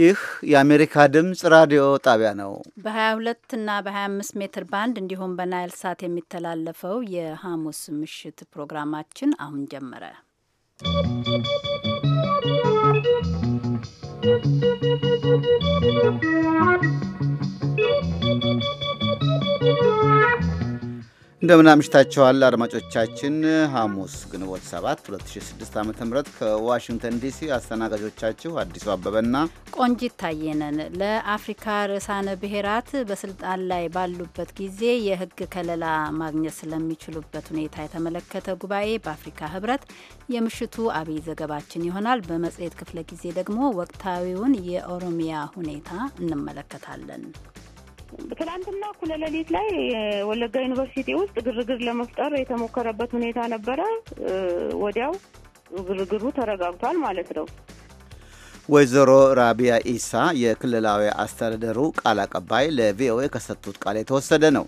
ይህ የአሜሪካ ድምፅ ራዲዮ ጣቢያ ነው። በ22 እና በ25 ሜትር ባንድ እንዲሁም በናይል ሳት የሚተላለፈው የሐሙስ ምሽት ፕሮግራማችን አሁን ጀመረ። ¶¶ እንደምን አምሽታችኋል አድማጮቻችን። ሐሙስ ግንቦት 7 2006 ዓ ም ከዋሽንግተን ዲሲ አስተናጋጆቻችሁ አዲሱ አበበና ቆንጂት ታየነን ለአፍሪካ ርዕሳነ ብሔራት በስልጣን ላይ ባሉበት ጊዜ የህግ ከለላ ማግኘት ስለሚችሉበት ሁኔታ የተመለከተ ጉባኤ በአፍሪካ ህብረት የምሽቱ አብይ ዘገባችን ይሆናል። በመጽሔት ክፍለ ጊዜ ደግሞ ወቅታዊውን የኦሮሚያ ሁኔታ እንመለከታለን። ትላንትና እኩለ ሌሊት ላይ ወለጋ ዩኒቨርሲቲ ውስጥ ግርግር ለመፍጠር የተሞከረበት ሁኔታ ነበረ። ወዲያው ግርግሩ ተረጋግቷል ማለት ነው። ወይዘሮ ራቢያ ኢሳ የክልላዊ አስተዳደሩ ቃል አቀባይ ለቪኦኤ ከሰጡት ቃል የተወሰደ ነው።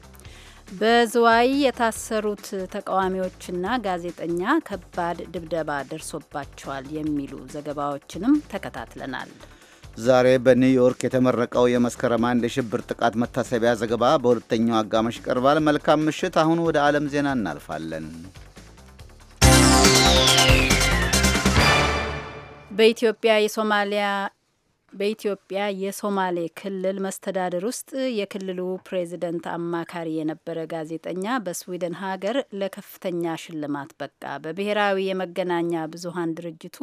በዝዋይ የታሰሩት ተቃዋሚዎችና ጋዜጠኛ ከባድ ድብደባ ደርሶባቸዋል የሚሉ ዘገባዎችንም ተከታትለናል። ዛሬ በኒውዮርክ የተመረቀው የመስከረም አንድ የሽብር ጥቃት መታሰቢያ ዘገባ በሁለተኛው አጋማሽ ይቀርባል። መልካም ምሽት። አሁን ወደ ዓለም ዜና እናልፋለን። በኢትዮጵያ የሶማሊያ በኢትዮጵያ የሶማሌ ክልል መስተዳድር ውስጥ የክልሉ ፕሬዚደንት አማካሪ የነበረ ጋዜጠኛ በስዊድን ሀገር ለከፍተኛ ሽልማት በቃ። በብሔራዊ የመገናኛ ብዙሀን ድርጅቱ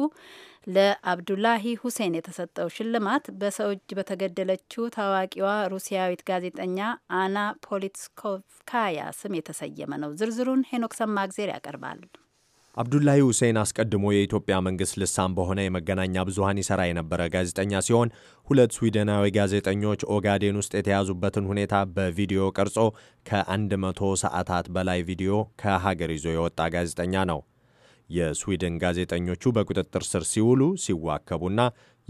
ለአብዱላሂ ሁሴን የተሰጠው ሽልማት በሰው እጅ በተገደለችው ታዋቂዋ ሩሲያዊት ጋዜጠኛ አና ፖሊትስኮቭካያ ስም የተሰየመ ነው። ዝርዝሩን ሄኖክ ሰማእግዜር ያቀርባል። አብዱላሂ ሁሴን አስቀድሞ የኢትዮጵያ መንግሥት ልሳን በሆነ የመገናኛ ብዙሀን ይሠራ የነበረ ጋዜጠኛ ሲሆን ሁለት ስዊድናዊ ጋዜጠኞች ኦጋዴን ውስጥ የተያዙበትን ሁኔታ በቪዲዮ ቀርጾ ከ100 ሰዓታት በላይ ቪዲዮ ከሀገር ይዞ የወጣ ጋዜጠኛ ነው። የስዊድን ጋዜጠኞቹ በቁጥጥር ስር ሲውሉ ሲዋከቡና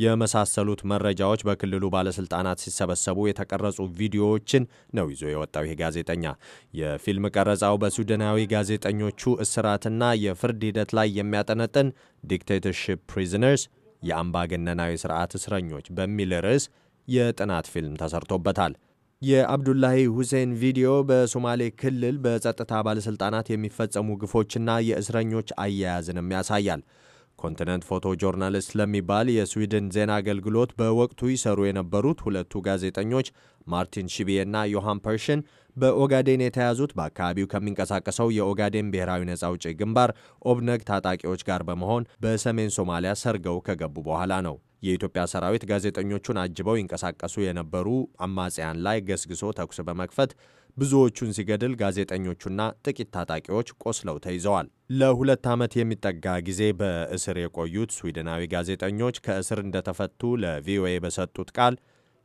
የመሳሰሉት መረጃዎች በክልሉ ባለስልጣናት ሲሰበሰቡ የተቀረጹ ቪዲዮዎችን ነው ይዞ የወጣው ይህ ጋዜጠኛ። የፊልም ቀረጻው በሱዳናዊ ጋዜጠኞቹ እስራትና የፍርድ ሂደት ላይ የሚያጠነጥን ዲክቴተርሺፕ ፕሪዝነርስ የአምባገነናዊ ስርዓት እስረኞች በሚል ርዕስ የጥናት ፊልም ተሰርቶበታል። የአብዱላሂ ሁሴን ቪዲዮ በሶማሌ ክልል በጸጥታ ባለሥልጣናት የሚፈጸሙ ግፎችና የእስረኞች አያያዝንም ያሳያል። ኮንቲነንት ፎቶ ጆርናሊስት ለሚባል የስዊድን ዜና አገልግሎት በወቅቱ ይሰሩ የነበሩት ሁለቱ ጋዜጠኞች ማርቲን ሺቢዬ እና ዮሃን ፐርሽን በኦጋዴን የተያዙት በአካባቢው ከሚንቀሳቀሰው የኦጋዴን ብሔራዊ ነጻ አውጪ ግንባር ኦብነግ ታጣቂዎች ጋር በመሆን በሰሜን ሶማሊያ ሰርገው ከገቡ በኋላ ነው። የኢትዮጵያ ሰራዊት ጋዜጠኞቹን አጅበው ይንቀሳቀሱ የነበሩ አማጽያን ላይ ገስግሶ ተኩስ በመክፈት ብዙዎቹን ሲገድል ጋዜጠኞቹና ጥቂት ታጣቂዎች ቆስለው ተይዘዋል። ለሁለት ዓመት የሚጠጋ ጊዜ በእስር የቆዩት ስዊድናዊ ጋዜጠኞች ከእስር እንደተፈቱ ለቪኦኤ በሰጡት ቃል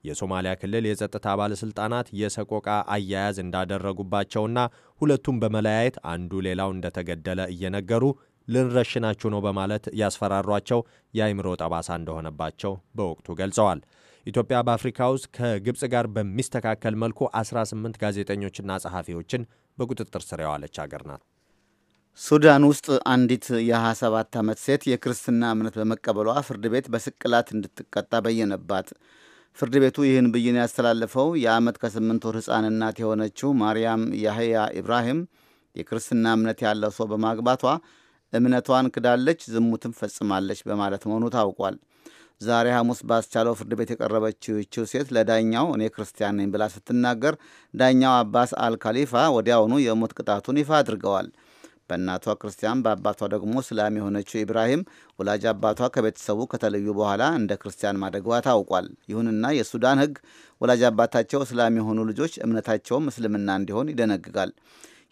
የሶማሊያ ክልል የጸጥታ ባለሥልጣናት የሰቆቃ አያያዝ እንዳደረጉባቸውና ሁለቱም በመለያየት አንዱ ሌላው እንደተገደለ እየነገሩ ልንረሽናችሁ ነው በማለት ያስፈራሯቸው የአይምሮ ጠባሳ እንደሆነባቸው በወቅቱ ገልጸዋል። ኢትዮጵያ በአፍሪካ ውስጥ ከግብፅ ጋር በሚስተካከል መልኩ 18 ጋዜጠኞችና ጸሐፊዎችን በቁጥጥር ስር የዋለች አገር ናት። ሱዳን ውስጥ አንዲት የ27 ዓመት ሴት የክርስትና እምነት በመቀበሏ ፍርድ ቤት በስቅላት እንድትቀጣ በየነባት። ፍርድ ቤቱ ይህን ብይን ያስተላለፈው የዓመት ከስምንት ወር ሕፃን እናት የሆነችው ማርያም ያህያ ኢብራሂም የክርስትና እምነት ያለው ሰው በማግባቷ እምነቷን ክዳለች፣ ዝሙትም ፈጽማለች በማለት መሆኑ ታውቋል። ዛሬ ሐሙስ ባስቻለው ፍርድ ቤት የቀረበችው ይችው ሴት ለዳኛው እኔ ክርስቲያን ነኝ ብላ ስትናገር ዳኛው አባስ አልካሊፋ ወዲያውኑ የሞት ቅጣቱን ይፋ አድርገዋል። በእናቷ ክርስቲያን በአባቷ ደግሞ እስላም የሆነችው ኢብራሂም ወላጅ አባቷ ከቤተሰቡ ከተለዩ በኋላ እንደ ክርስቲያን ማደጓ ታውቋል። ይሁንና የሱዳን ሕግ ወላጅ አባታቸው እስላም የሆኑ ልጆች እምነታቸውም እስልምና እንዲሆን ይደነግጋል።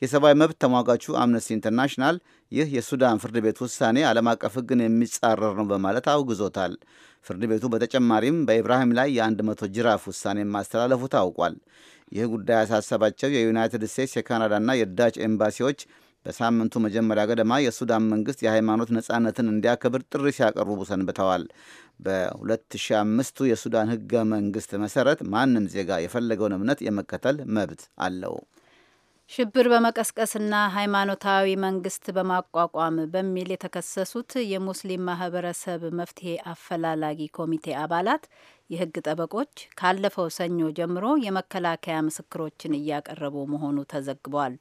የሰብአዊ መብት ተሟጋቹ አምነስቲ ኢንተርናሽናል ይህ የሱዳን ፍርድ ቤት ውሳኔ ዓለም አቀፍ ሕግን የሚጻረር ነው በማለት አውግዞታል። ፍርድ ቤቱ በተጨማሪም በኢብራሂም ላይ የ100 ጅራፍ ውሳኔ ማስተላለፉ ታውቋል። ይህ ጉዳይ ያሳሰባቸው የዩናይትድ ስቴትስ የካናዳና የዳች ኤምባሲዎች በሳምንቱ መጀመሪያ ገደማ የሱዳን መንግስት የሃይማኖት ነጻነትን እንዲያከብር ጥሪ ሲያቀርቡ ሰንብተዋል። በ2005ቱ የሱዳን ህገ መንግስት መሰረት ማንም ዜጋ የፈለገውን እምነት የመከተል መብት አለው። ሽብር በመቀስቀስና ሃይማኖታዊ መንግስት በማቋቋም በሚል የተከሰሱት የሙስሊም ማህበረሰብ መፍትሄ አፈላላጊ ኮሚቴ አባላት የህግ ጠበቆች ካለፈው ሰኞ ጀምሮ የመከላከያ ምስክሮችን እያቀረቡ መሆኑ ተዘግቧል።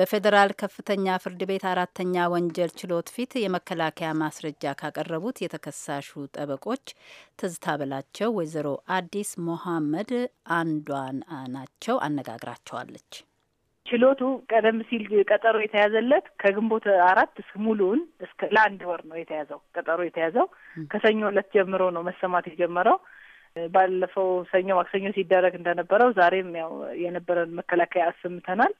በፌዴራል ከፍተኛ ፍርድ ቤት አራተኛ ወንጀል ችሎት ፊት የመከላከያ ማስረጃ ካቀረቡት የተከሳሹ ጠበቆች ትዝታ በላቸው ወይዘሮ አዲስ ሞሐመድ አንዷን ናቸው። አነጋግራቸዋለች። ችሎቱ ቀደም ሲል ቀጠሮ የተያዘለት ከግንቦት አራት ሙሉውን እስከ ለአንድ ወር ነው የተያዘው ቀጠሮ የተያዘው ከሰኞ ዕለት ጀምሮ ነው መሰማት የጀመረው። ባለፈው ሰኞ ማክሰኞ ሲደረግ እንደነበረው ዛሬም ያው የነበረን መከላከያ አሰምተናል።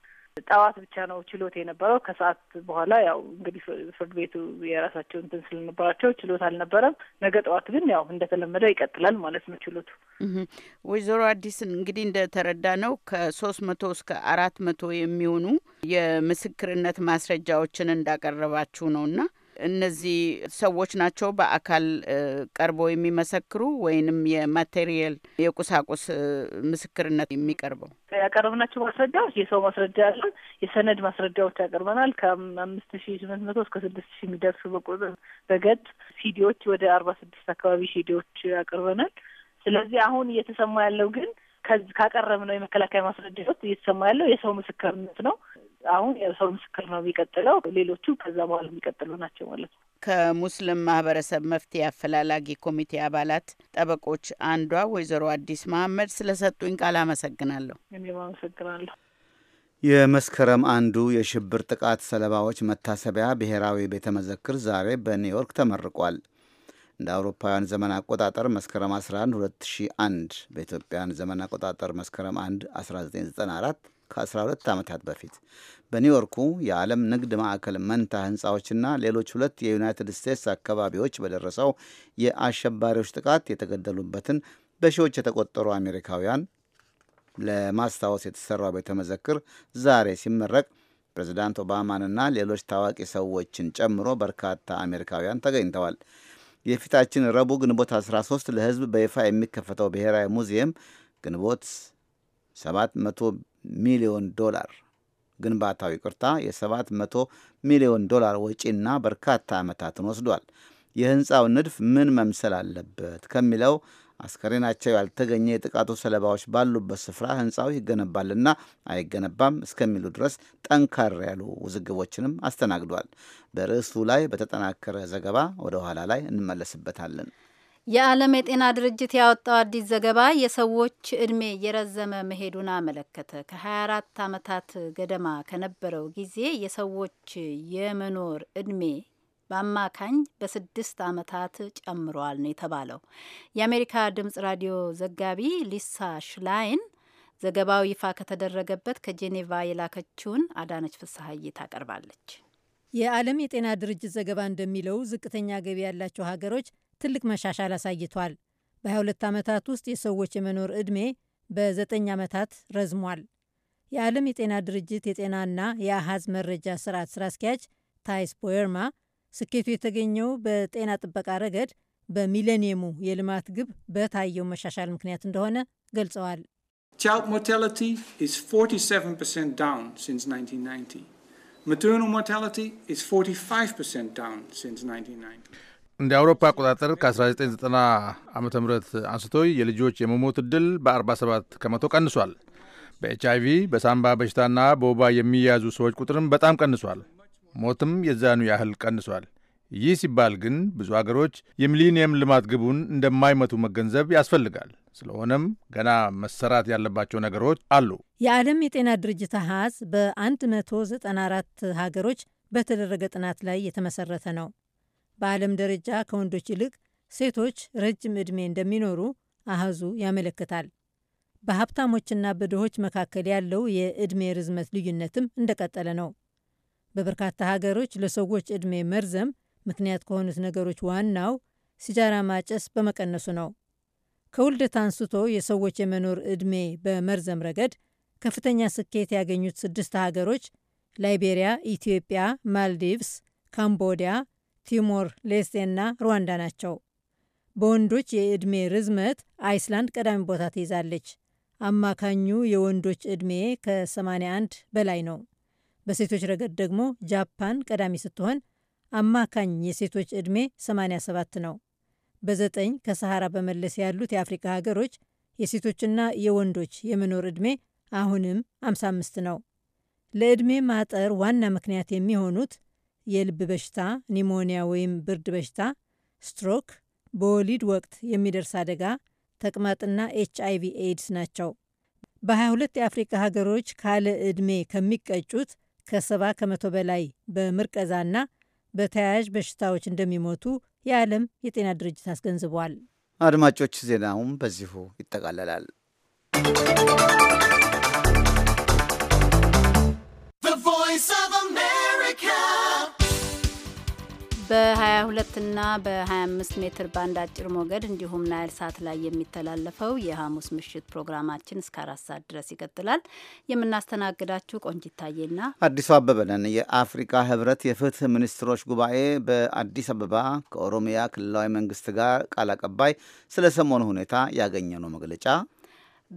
ጠዋት ብቻ ነው ችሎት የነበረው። ከሰዓት በኋላ ያው እንግዲህ ፍርድ ቤቱ የራሳቸው እንትን ስለነበራቸው ችሎት አልነበረም። ነገ ጠዋት ግን ያው እንደተለመደው ይቀጥላል ማለት ነው ችሎቱ። ወይዘሮ አዲስ እንግዲህ እንደተረዳ ነው ከሶስት መቶ እስከ አራት መቶ የሚሆኑ የምስክርነት ማስረጃዎችን እንዳቀረባችሁ ነው እና እነዚህ ሰዎች ናቸው በአካል ቀርበው የሚመሰክሩ ወይንም የማቴሪያል የቁሳቁስ ምስክርነት የሚቀርበው? ያቀረብናቸው ማስረጃዎች የሰው ማስረጃ ያለ የሰነድ ማስረጃዎች ያቀርበናል። ከአምስት ሺ ስምንት መቶ እስከ ስድስት ሺ የሚደርሱ በቁጥር በገጽ ሲዲዎች ወደ አርባ ስድስት አካባቢ ሲዲዎች ያቀርበናል። ስለዚህ አሁን እየተሰማ ያለው ግን ከዚህ ካቀረብነው የመከላከያ ማስረጃዎች እየተሰማ ያለው የሰው ምስክርነት ነው። አሁን የሰው ምስክር ነው የሚቀጥለው። ሌሎቹ ከዛ በኋላ የሚቀጥሉ ናቸው ማለት ነው። ከሙስሊም ማህበረሰብ መፍትሄ አፈላላጊ ኮሚቴ አባላት ጠበቆች አንዷ ወይዘሮ አዲስ መሀመድ ስለሰጡኝ ቃል አመሰግናለሁ። እኔም አመሰግናለሁ። የመስከረም አንዱ የሽብር ጥቃት ሰለባዎች መታሰቢያ ብሔራዊ ቤተ መዘክር ዛሬ በኒውዮርክ ተመርቋል። እንደ አውሮፓውያን ዘመን አቆጣጠር መስከረም 11 2001 በኢትዮጵያን ዘመን አቆጣጠር መስከረም 1 1994 ከ12 ዓመታት በፊት በኒውዮርኩ የዓለም ንግድ ማዕከል መንታ ህንፃዎችና ሌሎች ሁለት የዩናይትድ ስቴትስ አካባቢዎች በደረሰው የአሸባሪዎች ጥቃት የተገደሉበትን በሺዎች የተቆጠሩ አሜሪካውያን ለማስታወስ የተሰራው ቤተ መዘክር ዛሬ ሲመረቅ ፕሬዚዳንት ኦባማንና ሌሎች ታዋቂ ሰዎችን ጨምሮ በርካታ አሜሪካውያን ተገኝተዋል። የፊታችን ረቡዕ ግንቦት 13 ለህዝብ በይፋ የሚከፈተው ብሔራዊ ሙዚየም ግንቦት 700 ሚሊዮን ዶላር ግንባታው ይቅርታ የ700 ሚሊዮን ዶላር ወጪና በርካታ ዓመታትን ወስዷል። የህንፃው ንድፍ ምን መምሰል አለበት ከሚለው አስከሬናቸው ያልተገኘ የጥቃቱ ሰለባዎች ባሉበት ስፍራ ህንፃው ይገነባልና አይገነባም እስከሚሉ ድረስ ጠንካራ ያሉ ውዝግቦችንም አስተናግዷል። በርዕሱ ላይ በተጠናከረ ዘገባ ወደ ኋላ ላይ እንመለስበታለን። የዓለም የጤና ድርጅት ያወጣው አዲስ ዘገባ የሰዎች እድሜ እየረዘመ መሄዱን አመለከተ። ከ24 ዓመታት ገደማ ከነበረው ጊዜ የሰዎች የመኖር እድሜ በአማካኝ በስድስት ዓመታት ጨምሯል ነው የተባለው። የአሜሪካ ድምጽ ራዲዮ ዘጋቢ ሊሳ ሽላይን ዘገባው ይፋ ከተደረገበት ከጄኔቫ የላከችውን አዳነች ፍስሀዬ ታቀርባለች። የዓለም የጤና ድርጅት ዘገባ እንደሚለው ዝቅተኛ ገቢ ያላቸው ሀገሮች ትልቅ መሻሻል አሳይቷል። በ22 ዓመታት ውስጥ የሰዎች የመኖር ዕድሜ በ9 ዓመታት ረዝሟል። የዓለም የጤና ድርጅት የጤናና የአሃዝ መረጃ ስርዓት ስራ አስኪያጅ ታይስ ቦየርማ ስኬቱ የተገኘው በጤና ጥበቃ ረገድ በሚሌኒየሙ የልማት ግብ በታየው መሻሻል ምክንያት እንደሆነ ገልጸዋል። ቻይልድ ሞርታሊቲ ኢዝ 47 ዳውን ሲንስ 1990 ማተርናል ሞርታሊቲ ኢዝ 45 ዳውን ሲንስ 1990 እንደ አውሮፓ አቆጣጠር ከ1990 ዓ ም አንስቶ የልጆች የመሞት ዕድል በ47 ከመቶ ቀንሷል። በኤች አይቪ በሳምባ በሽታና በወባ የሚያዙ ሰዎች ቁጥርም በጣም ቀንሷል። ሞትም የዛኑ ያህል ቀንሷል። ይህ ሲባል ግን ብዙ አገሮች የሚሊኒየም ልማት ግቡን እንደማይመቱ መገንዘብ ያስፈልጋል። ስለሆነም ገና መሰራት ያለባቸው ነገሮች አሉ። የዓለም የጤና ድርጅት አሃዝ በ194 ሀገሮች በተደረገ ጥናት ላይ የተመሰረተ ነው። በዓለም ደረጃ ከወንዶች ይልቅ ሴቶች ረጅም ዕድሜ እንደሚኖሩ አሃዙ ያመለክታል። በሀብታሞችና በድሆች መካከል ያለው የዕድሜ ርዝመት ልዩነትም እንደቀጠለ ነው። በበርካታ ሀገሮች ለሰዎች ዕድሜ መርዘም ምክንያት ከሆኑት ነገሮች ዋናው ሲጃራ ማጨስ በመቀነሱ ነው። ከውልደት አንስቶ የሰዎች የመኖር ዕድሜ በመርዘም ረገድ ከፍተኛ ስኬት ያገኙት ስድስት ሀገሮች ላይቤሪያ፣ ኢትዮጵያ፣ ማልዲቭስ፣ ካምቦዲያ፣ ቲሞር ሌስቴና ሩዋንዳ ናቸው። በወንዶች የዕድሜ ርዝመት አይስላንድ ቀዳሚ ቦታ ትይዛለች። አማካኙ የወንዶች ዕድሜ ከ81 በላይ ነው። በሴቶች ረገድ ደግሞ ጃፓን ቀዳሚ ስትሆን አማካኝ የሴቶች ዕድሜ 87 ነው። በዘጠኝ ከሰሐራ በመለስ ያሉት የአፍሪካ ሀገሮች የሴቶችና የወንዶች የመኖር ዕድሜ አሁንም 55 ነው። ለዕድሜ ማጠር ዋና ምክንያት የሚሆኑት የልብ በሽታ፣ ኒሞኒያ ወይም ብርድ በሽታ፣ ስትሮክ፣ በወሊድ ወቅት የሚደርስ አደጋ፣ ተቅማጥና ኤች አይቪ ኤድስ ናቸው። በ22 የአፍሪካ ሀገሮች ካለ ዕድሜ ከሚቀጩት ከ70 ከመቶ በላይ በምርቀዛና በተያያዥ በሽታዎች እንደሚሞቱ የዓለም የጤና ድርጅት አስገንዝቧል። አድማጮች፣ ዜናውም በዚሁ ይጠቃለላል። ቮይስ ኦፍ በ22 እና በ25 ሜትር ባንድ አጭር ሞገድ እንዲሁም ናይል ሳት ላይ የሚተላለፈው የሐሙስ ምሽት ፕሮግራማችን እስከ አራት ሰዓት ድረስ ይቀጥላል። የምናስተናግዳችሁ ቆንጂት ታዬና አዲሱ አበበ ነን። የአፍሪካ ህብረት የፍትህ ሚኒስትሮች ጉባኤ በአዲስ አበባ ከኦሮሚያ ክልላዊ መንግስት ጋር ቃል አቀባይ ስለ ሰሞኑ ሁኔታ ያገኘነው መግለጫ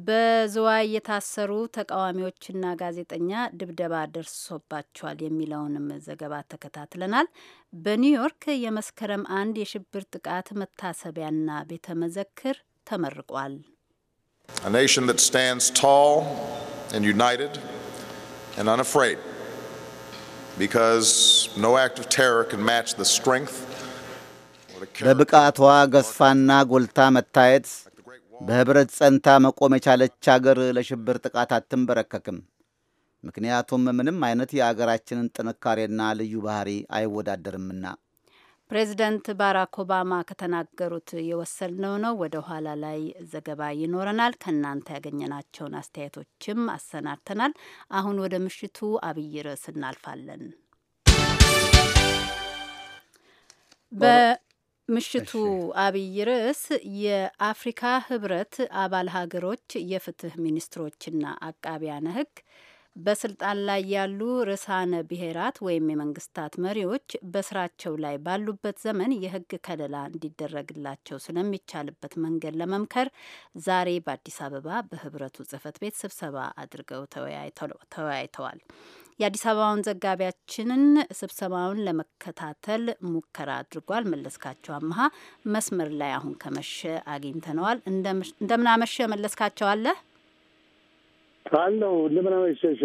በዝዋይ የታሰሩ ተቃዋሚዎችና ጋዜጠኛ ድብደባ ደርሶባቸዋል የሚለውንም ዘገባ ተከታትለናል። በኒውዮርክ የመስከረም አንድ የሽብር ጥቃት መታሰቢያና ቤተ መዘክር ተመርቋል። በብቃቷ ገዝፋና ጎልታ መታየት በህብረት ጸንታ መቆም የቻለች አገር ለሽብር ጥቃት አትንበረከክም። ምክንያቱም ምንም አይነት የአገራችንን ጥንካሬና ልዩ ባህሪ አይወዳደርምና። ፕሬዚደንት ባራክ ኦባማ ከተናገሩት የወሰድነው ነው። ወደ ኋላ ላይ ዘገባ ይኖረናል። ከእናንተ ያገኘናቸውን አስተያየቶችም አሰናድተናል። አሁን ወደ ምሽቱ አብይ ርዕስ እናልፋለን። ምሽቱ አብይ ርዕስ የአፍሪካ ህብረት አባል ሀገሮች የፍትህ ሚኒስትሮችና አቃቢያነ ህግ በስልጣን ላይ ያሉ ርዕሳነ ብሔራት ወይም የመንግስታት መሪዎች በስራቸው ላይ ባሉበት ዘመን የህግ ከለላ እንዲደረግላቸው ስለሚቻልበት መንገድ ለመምከር ዛሬ በአዲስ አበባ በህብረቱ ጽህፈት ቤት ስብሰባ አድርገው ተወያይተዋል። የአዲስ አበባውን ዘጋቢያችንን ስብሰባውን ለመከታተል ሙከራ አድርጓል። መለስካቸው አመሀ መስመር ላይ አሁን ከመሸ አግኝተነዋል። እንደምናመሸ መለስካቸው አለ አለው እንደምናመሸሽ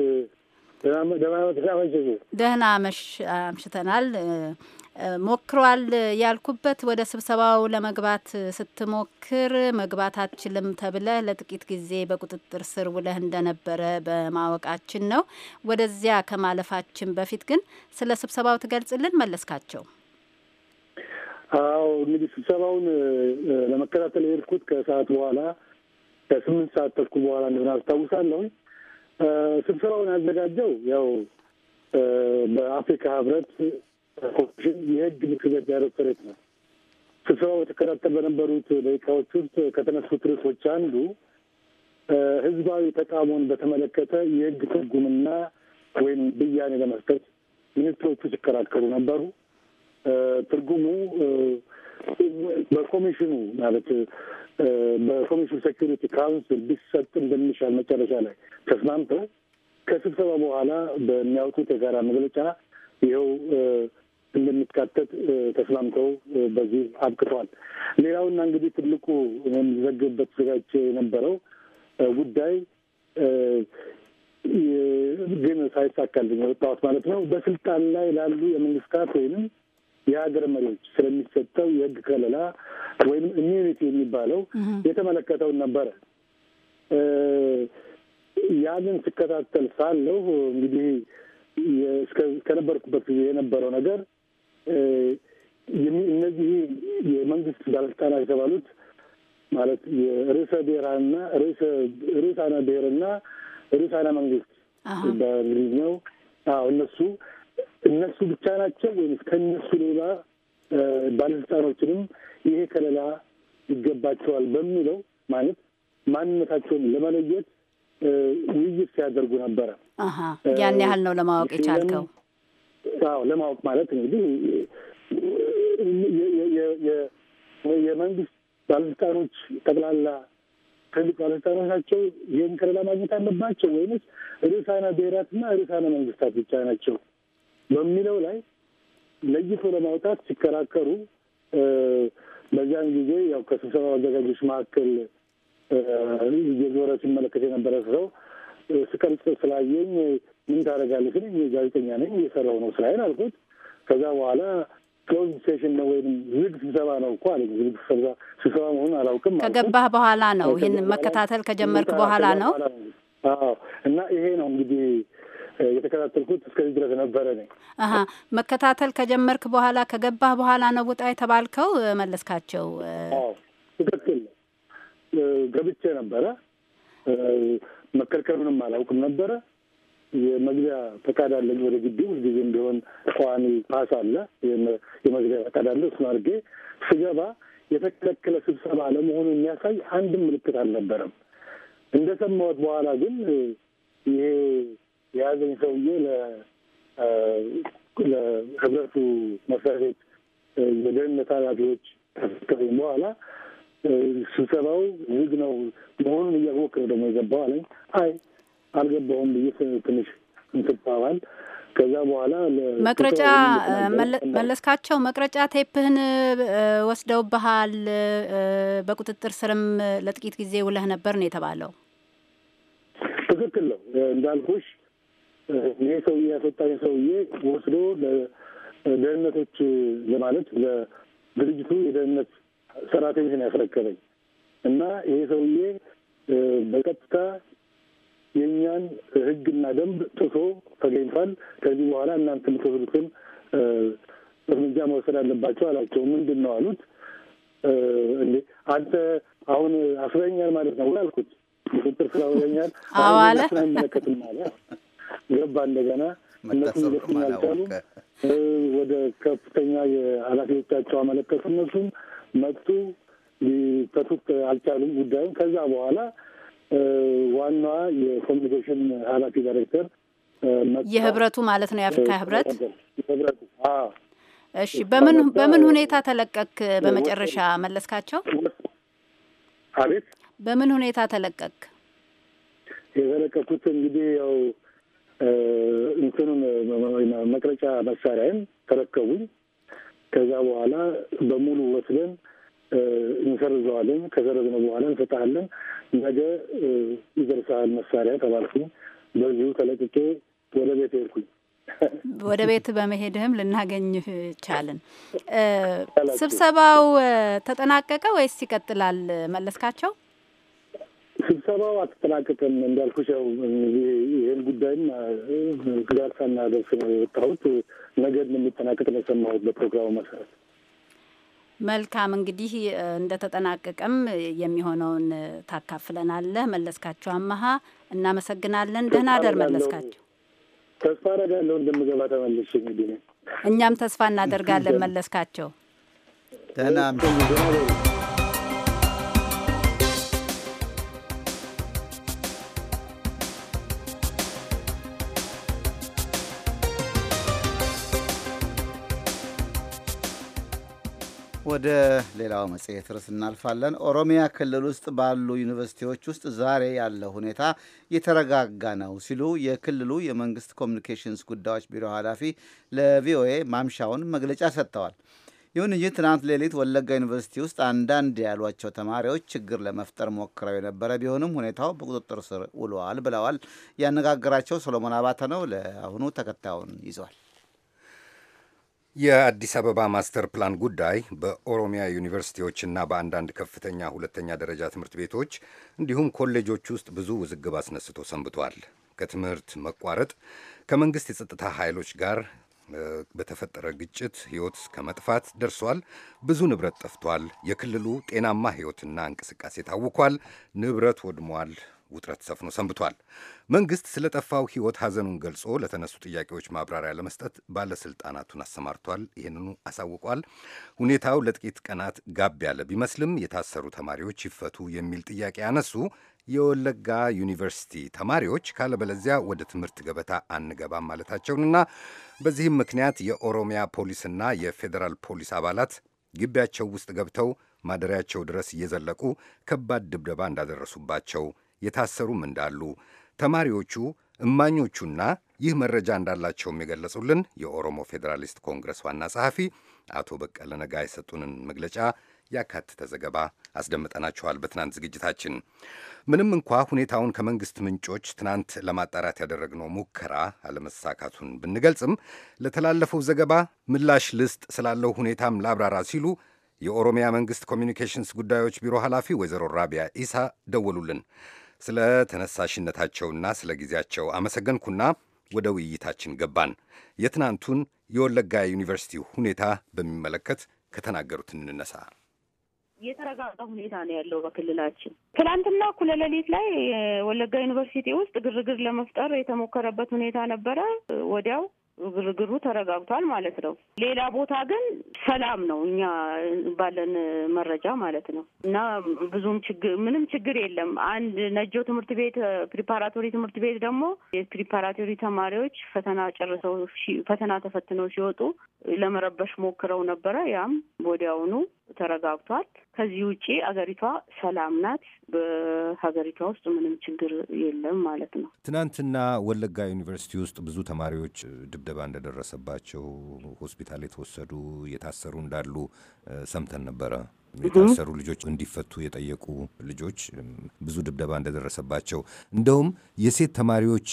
ደህና መሽ አምሽተናል። ሞክሯል ያልኩበት ወደ ስብሰባው ለመግባት ስትሞክር መግባት አትችልም ተብለህ ለጥቂት ጊዜ በቁጥጥር ስር ውለህ እንደነበረ በማወቃችን ነው። ወደዚያ ከማለፋችን በፊት ግን ስለ ስብሰባው ትገልጽልን መለስካቸው? አዎ እንግዲህ ስብሰባውን ለመከታተል የሄድኩት ከሰዓት በኋላ ከስምንት ሰዓት ተኩል በኋላ እንደሆነ አስታውሳለሁ። ስብሰባውን ያዘጋጀው ያው በአፍሪካ ህብረት ኮሚሽን የህግ ምክር ቤት ዳይሬክቶሬት ነው። ስብሰባው የተከታተል በነበሩት ደቂቃዎች ውስጥ ከተነሱት ርዕሶች አንዱ ህዝባዊ ተቃውሞን በተመለከተ የህግ ትርጉምና ወይም ብያኔ ለመስጠት ሚኒስትሮቹ ሲከራከሩ ነበሩ። ትርጉሙ በኮሚሽኑ ማለት በኮሚሽን ሴኪሪቲ ካውንስል ቢሰጥ እንደሚሻል መጨረሻ ላይ ተስማምተው ከስብሰባ በኋላ በሚያወጡት የጋራ መግለጫ ይኸው እንደሚካተት ተስማምተው በዚህ አብቅተዋል። ሌላውና እንግዲህ ትልቁ የሚዘግብበት ዘጋጅ የነበረው ጉዳይ ግን ሳይሳካልኝ የወጣሁት ማለት ነው። በስልጣን ላይ ላሉ የመንግስታት ወይንም የሀገር መሪዎች ስለሚሰጠው የህግ ከለላ ወይም ኢሚዩኒቲ የሚባለው የተመለከተው ነበረ። ያንን ስከታተል ሳለሁ እንግዲህ ከነበርኩበት ጊዜ የነበረው ነገር እነዚህ የመንግስት ባለስልጣናት የተባሉት ማለት የርዕሰ ብሔራና ርዕሳነ ብሔርና ርዕሳነ መንግስት በእንግሊዝኛው አዎ እነሱ እነሱ ብቻ ናቸው ወይም ከእነሱ ሌላ ባለስልጣኖችንም ይሄ ከለላ ይገባቸዋል በሚለው ማለት ማንነታቸውን ለመለየት ውይይት ሲያደርጉ ነበረ። ያን ያህል ነው ለማወቅ የቻልከው? አዎ ለማወቅ ማለት እንግዲህ የመንግስት ባለስልጣኖች ጠቅላላ ትልቅ ባለስልጣኖች ናቸው ይህን ከለላ ማግኘት አለባቸው ወይምስ ርዕሳነ ብሔራትና ርዕሳነ መንግስታት ብቻ ናቸው በሚለው ላይ ለይቶ ለማውጣት ሲከራከሩ በዚያን ጊዜ ያው ከስብሰባ አዘጋጆች መካከል እየዞረ ሲመለከት የነበረ ሰው ስቀልጽ ስላየኝ ምን ታደርጋለች? እኔ ጋዜጠኛ ነኝ እየሰራሁ ነው ስላይን አልኩት። ከዛ በኋላ ክሎዝ ሴሽን ነው ወይም ዝግ ስብሰባ ነው እኮ አለኝ። ዝግ ስብሰባ መሆኑን አላውቅም። ከገባህ በኋላ ነው ይህን መከታተል ከጀመርክ በኋላ ነው። አዎ እና ይሄ ነው እንግዲህ የተከታተልኩት እስከዚህ ድረስ ነበረ። ነኝ መከታተል ከጀመርክ በኋላ ከገባህ በኋላ ነው ውጣ የተባልከው? መለስካቸው ትክክል። ገብቼ ነበረ። መከልከሉንም አላውቅም ነበረ። የመግቢያ ፈቃድ አለኝ ወደ ግቢ ሁልጊዜም ቢሆን ቋሚ ፓስ አለ። የመግቢያ ፈቃድ አለ። እሱን አድርጌ ስገባ የተከለከለ ስብሰባ ለመሆኑ የሚያሳይ አንድም ምልክት አልነበረም። እንደሰማሁት በኋላ ግን ይሄ የያዘኝ ሰውዬ ለህብረቱ መስሪያ ቤት የደህንነት ኃላፊዎች ተፈከኝ በኋላ ስብሰባው ዝግ ነው መሆኑን እያወቅ ደግሞ የገባው አለኝ። አይ አልገባውም ብዬ ትንሽ እንትባባል ከዛ በኋላ መቅረጫ መለስካቸው መቅረጫ ቴፕህን ወስደውብሃል፣ በቁጥጥር ስርም ለጥቂት ጊዜ ውለህ ነበር ነው የተባለው። ትክክል ነው እንዳልኩሽ ይህ ሰውዬ ያስወጣኝ ሰውዬ ወስዶ ለደህንነቶች ለማለት ለድርጅቱ የደህንነት ሰራተኞች ነው ያስረከበኝ እና ይሄ ሰውዬ በቀጥታ የእኛን ህግና ደንብ ጥሶ ተገኝቷል። ከዚህ በኋላ እናንተ የምትወስዱትን እርምጃ መወሰድ አለባቸው አላቸው። ምንድን ነው አሉት። እንዴ አንተ አሁን አስረኛል ማለት ነው አልኩት። ቁጥጥር ስራ ውለኛል ስራ አይመለከትም ማለት ገባ እንደገና እነሱ ሊደክሙ ያልቻሉ ወደ ከፍተኛ የኃላፊዎቻቸው አመለከቱ። እነሱም መጡ፣ ሊፈቱት አልቻሉም ጉዳዩም። ከዛ በኋላ ዋናዋ የኮሚኒኬሽን ኃላፊ ዳይሬክተር የህብረቱ ማለት ነው የአፍሪካ ህብረት ህብረቱ እሺ፣ በምን በምን ሁኔታ ተለቀክ? በመጨረሻ መለስካቸው፣ አቤት፣ በምን ሁኔታ ተለቀክ? የተለቀኩት እንግዲህ ያው እንትኑን መቅረጫ መሳሪያን ተረከቡኝ። ከዛ በኋላ በሙሉ ወስደን እንሰርዘዋለን። ከሰረዝነው በኋላ እንሰጣለን። ነገ ይደርሳል መሳሪያ ተባልኩኝ። በዚሁ ተለቅቄ ወደ ቤት ሄድኩኝ። ወደ ቤት በመሄድህም ልናገኝህ ቻልን። ስብሰባው ተጠናቀቀ ወይስ ይቀጥላል? መለስካቸው ስብሰባው አልተጠናቀቀም እንዳልኩሽ፣ ያው ይህን ጉዳይም ጋር ሳናደርስ ነው የወጣሁት። ነገ የሚጠናቀቅ ነው የሰማሁት በፕሮግራሙ መሰረት። መልካም እንግዲህ እንደተጠናቀቀም የሚሆነውን ታካፍለናለህ። መለስካቸው አመሀ እናመሰግናለን። ደህና ደር መለስካቸው። ተስፋ አደርጋለሁ እንደምገባ ተመልሼ። እንግዲህ እኛም ተስፋ እናደርጋለን መለስካቸው ደህና ወደ ሌላው መጽሔት ርዕስ እናልፋለን። ኦሮሚያ ክልል ውስጥ ባሉ ዩኒቨርሲቲዎች ውስጥ ዛሬ ያለው ሁኔታ የተረጋጋ ነው ሲሉ የክልሉ የመንግስት ኮሚኒኬሽንስ ጉዳዮች ቢሮ ኃላፊ ለቪኦኤ ማምሻውን መግለጫ ሰጥተዋል። ይሁን እንጂ ትናንት ሌሊት ወለጋ ዩኒቨርሲቲ ውስጥ አንዳንድ ያሏቸው ተማሪዎች ችግር ለመፍጠር ሞክረው የነበረ ቢሆንም ሁኔታው በቁጥጥር ስር ውሏል ብለዋል። ያነጋገራቸው ሶሎሞን አባተ ነው። ለአሁኑ ተከታዩን ይዟል። የአዲስ አበባ ማስተር ፕላን ጉዳይ በኦሮሚያ ዩኒቨርሲቲዎችና በአንዳንድ ከፍተኛ ሁለተኛ ደረጃ ትምህርት ቤቶች እንዲሁም ኮሌጆች ውስጥ ብዙ ውዝግብ አስነስቶ ሰንብቷል። ከትምህርት መቋረጥ ከመንግስት የጸጥታ ኃይሎች ጋር በተፈጠረ ግጭት ህይወት ከመጥፋት ደርሷል። ብዙ ንብረት ጠፍቷል። የክልሉ ጤናማ ህይወትና እንቅስቃሴ ታውኳል። ንብረት ወድሟል። ውጥረት ሰፍኖ ሰንብቷል። ስለ ስለጠፋው ህይወት ሐዘኑን ገልጾ ለተነሱ ጥያቄዎች ማብራሪያ ለመስጠት ባለሥልጣናቱን አሰማርቷል። ይህንኑ አሳውቋል። ሁኔታው ለጥቂት ቀናት ጋብ ያለ ቢመስልም የታሰሩ ተማሪዎች ይፈቱ የሚል ጥያቄ ያነሱ የወለጋ ዩኒቨርሲቲ ተማሪዎች ካለበለዚያ ወደ ትምህርት ገበታ አንገባም ማለታቸውንና በዚህም ምክንያት የኦሮሚያ ፖሊስና የፌዴራል ፖሊስ አባላት ግቢያቸው ውስጥ ገብተው ማደሪያቸው ድረስ እየዘለቁ ከባድ ድብደባ እንዳደረሱባቸው የታሰሩም እንዳሉ ተማሪዎቹ እማኞቹና ይህ መረጃ እንዳላቸውም የገለጹልን የኦሮሞ ፌዴራሊስት ኮንግረስ ዋና ጸሐፊ አቶ በቀለ ነጋ የሰጡንን መግለጫ ያካተተ ዘገባ አስደምጠናችኋል በትናንት ዝግጅታችን። ምንም እንኳ ሁኔታውን ከመንግስት ምንጮች ትናንት ለማጣራት ያደረግነው ሙከራ አለመሳካቱን ብንገልጽም ለተላለፈው ዘገባ ምላሽ ልስጥ ስላለው ሁኔታም ላብራራ ሲሉ የኦሮሚያ መንግስት ኮሚኒኬሽንስ ጉዳዮች ቢሮ ኃላፊ ወይዘሮ ራቢያ ኢሳ ደወሉልን። ስለ ተነሳሽነታቸውና ስለ ጊዜያቸው አመሰገንኩና ወደ ውይይታችን ገባን። የትናንቱን የወለጋ ዩኒቨርሲቲ ሁኔታ በሚመለከት ከተናገሩት እንነሳ። የተረጋጋ ሁኔታ ነው ያለው በክልላችን። ትናንትና እኩለ ሌሊት ላይ ወለጋ ዩኒቨርሲቲ ውስጥ ግርግር ለመፍጠር የተሞከረበት ሁኔታ ነበረ። ወዲያው ግርግሩ ተረጋግቷል ማለት ነው። ሌላ ቦታ ግን ሰላም ነው፣ እኛ ባለን መረጃ ማለት ነው። እና ብዙም ችግር ምንም ችግር የለም። አንድ ነጆ ትምህርት ቤት ፕሪፓራቶሪ ትምህርት ቤት ደግሞ የፕሪፓራቶሪ ተማሪዎች ፈተና ጨርሰው ፈተና ተፈትነው ሲወጡ ለመረበሽ ሞክረው ነበረ። ያም ወዲያውኑ ተረጋግቷል። ከዚህ ውጪ አገሪቷ ሰላም ናት። በሀገሪቷ ውስጥ ምንም ችግር የለም ማለት ነው። ትናንትና ወለጋ ዩኒቨርሲቲ ውስጥ ብዙ ተማሪዎች ድብደባ እንደደረሰባቸው ሆስፒታል የተወሰዱ የታሰሩ እንዳሉ ሰምተን ነበረ። የታሰሩ ልጆች እንዲፈቱ የጠየቁ ልጆች ብዙ ድብደባ እንደደረሰባቸው እንደውም የሴት ተማሪዎች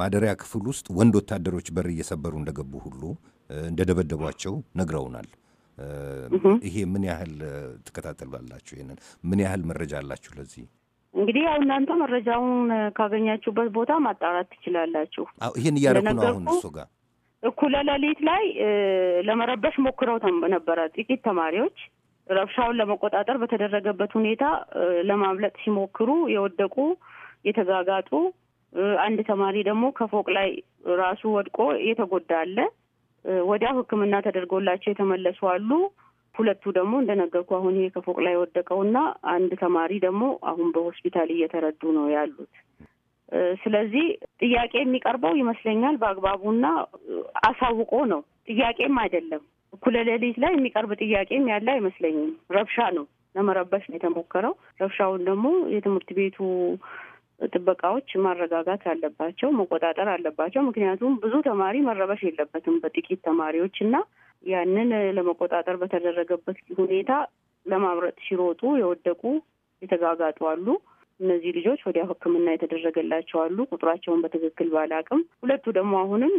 ማደሪያ ክፍል ውስጥ ወንድ ወታደሮች በር እየሰበሩ እንደገቡ ሁሉ እንደደበደቧቸው ነግረውናል። ይሄ ምን ያህል ትከታተላላችሁ? ይሄንን ምን ያህል መረጃ አላችሁ ለዚህ? እንግዲህ ያው እናንተ መረጃውን ካገኛችሁበት ቦታ ማጣራት ትችላላችሁ። ይህን እያደረኩ ነው አሁን እሱ ጋር እኩለ ሌሊት ላይ ለመረበሽ ሞክረው ነበረ ጥቂት ተማሪዎች ረብሻውን ለመቆጣጠር በተደረገበት ሁኔታ ለማምለጥ ሲሞክሩ የወደቁ የተጋጋጡ፣ አንድ ተማሪ ደግሞ ከፎቅ ላይ ራሱ ወድቆ እየተጎዳ አለ። ወዲያው ሕክምና ተደርጎላቸው የተመለሱ አሉ። ሁለቱ ደግሞ እንደነገርኩ አሁን ይሄ ከፎቅ ላይ የወደቀውና አንድ ተማሪ ደግሞ አሁን በሆስፒታል እየተረዱ ነው ያሉት። ስለዚህ ጥያቄ የሚቀርበው ይመስለኛል በአግባቡና አሳውቆ ነው። ጥያቄም አይደለም እኩለ ሌሊት ላይ የሚቀርብ ጥያቄም ያለ አይመስለኝም። ረብሻ ነው፣ ለመረበሽ ነው የተሞከረው። ረብሻውን ደግሞ የትምህርት ቤቱ ጥበቃዎች ማረጋጋት አለባቸው፣ መቆጣጠር አለባቸው። ምክንያቱም ብዙ ተማሪ መረበሽ የለበትም በጥቂት ተማሪዎች እና ያንን ለመቆጣጠር በተደረገበት ሁኔታ ለማምረጥ ሲሮጡ የወደቁ የተጋጋጡ አሉ። እነዚህ ልጆች ወዲያው ሕክምና የተደረገላቸው አሉ። ቁጥራቸውን በትክክል ባላቅም፣ ሁለቱ ደግሞ አሁንም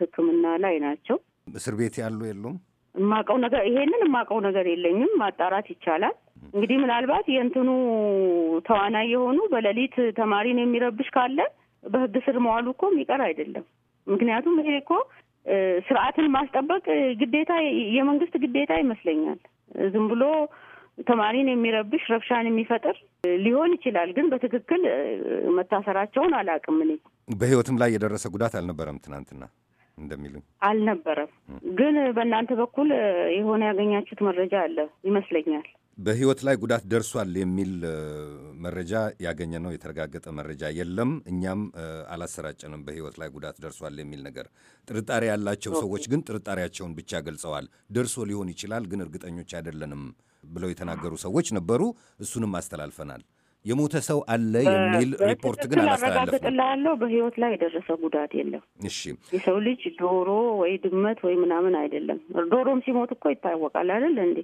ሕክምና ላይ ናቸው። እስር ቤት ያሉ የሉም። የማውቀው ነገር ይሄንን የማውቀው ነገር የለኝም። ማጣራት ይቻላል። እንግዲህ ምናልባት የእንትኑ ተዋናይ የሆኑ በሌሊት ተማሪን የሚረብሽ ካለ በህግ ስር መዋሉ እኮ የሚቀር አይደለም። ምክንያቱም ይሄ እኮ ስርዓትን ማስጠበቅ ግዴታ የመንግስት ግዴታ ይመስለኛል። ዝም ብሎ ተማሪን የሚረብሽ ረብሻን የሚፈጥር ሊሆን ይችላል፣ ግን በትክክል መታሰራቸውን አላውቅም እኔ። በህይወትም ላይ የደረሰ ጉዳት አልነበረም ትናንትና እንደሚሉኝ አልነበረም። ግን በእናንተ በኩል የሆነ ያገኛችሁት መረጃ አለ ይመስለኛል። በህይወት ላይ ጉዳት ደርሷል የሚል መረጃ ያገኘ ነው። የተረጋገጠ መረጃ የለም። እኛም አላሰራጨንም። በህይወት ላይ ጉዳት ደርሷል የሚል ነገር ጥርጣሬ ያላቸው ሰዎች ግን ጥርጣሬያቸውን ብቻ ገልጸዋል። ደርሶ ሊሆን ይችላል፣ ግን እርግጠኞች አይደለንም ብለው የተናገሩ ሰዎች ነበሩ። እሱንም አስተላልፈናል። የሞተ ሰው አለ የሚል ሪፖርት ግን አላስተላለፍኩም። በህይወት ላይ የደረሰ ጉዳት የለም። እሺ የሰው ልጅ ዶሮ ወይ ድመት ወይ ምናምን አይደለም። ዶሮም ሲሞት እኮ ይታወቃል አይደል እንዴ?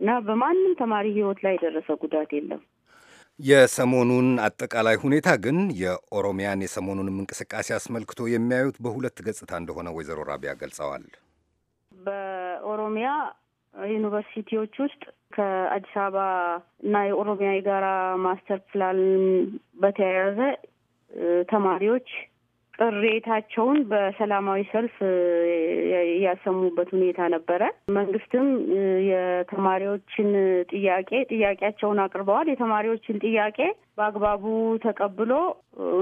እና በማንም ተማሪ ህይወት ላይ የደረሰ ጉዳት የለም። የሰሞኑን አጠቃላይ ሁኔታ ግን የኦሮሚያን የሰሞኑንም እንቅስቃሴ አስመልክቶ የሚያዩት በሁለት ገጽታ እንደሆነ ወይዘሮ ራቢያ ገልጸዋል። በኦሮሚያ ዩኒቨርሲቲዎች ውስጥ ከአዲስ አበባ እና የኦሮሚያ የጋራ ማስተር ፕላን በተያያዘ ተማሪዎች ቅሬታቸውን በሰላማዊ ሰልፍ ያሰሙበት ሁኔታ ነበረ። መንግስትም የተማሪዎችን ጥያቄ ጥያቄያቸውን አቅርበዋል። የተማሪዎችን ጥያቄ በአግባቡ ተቀብሎ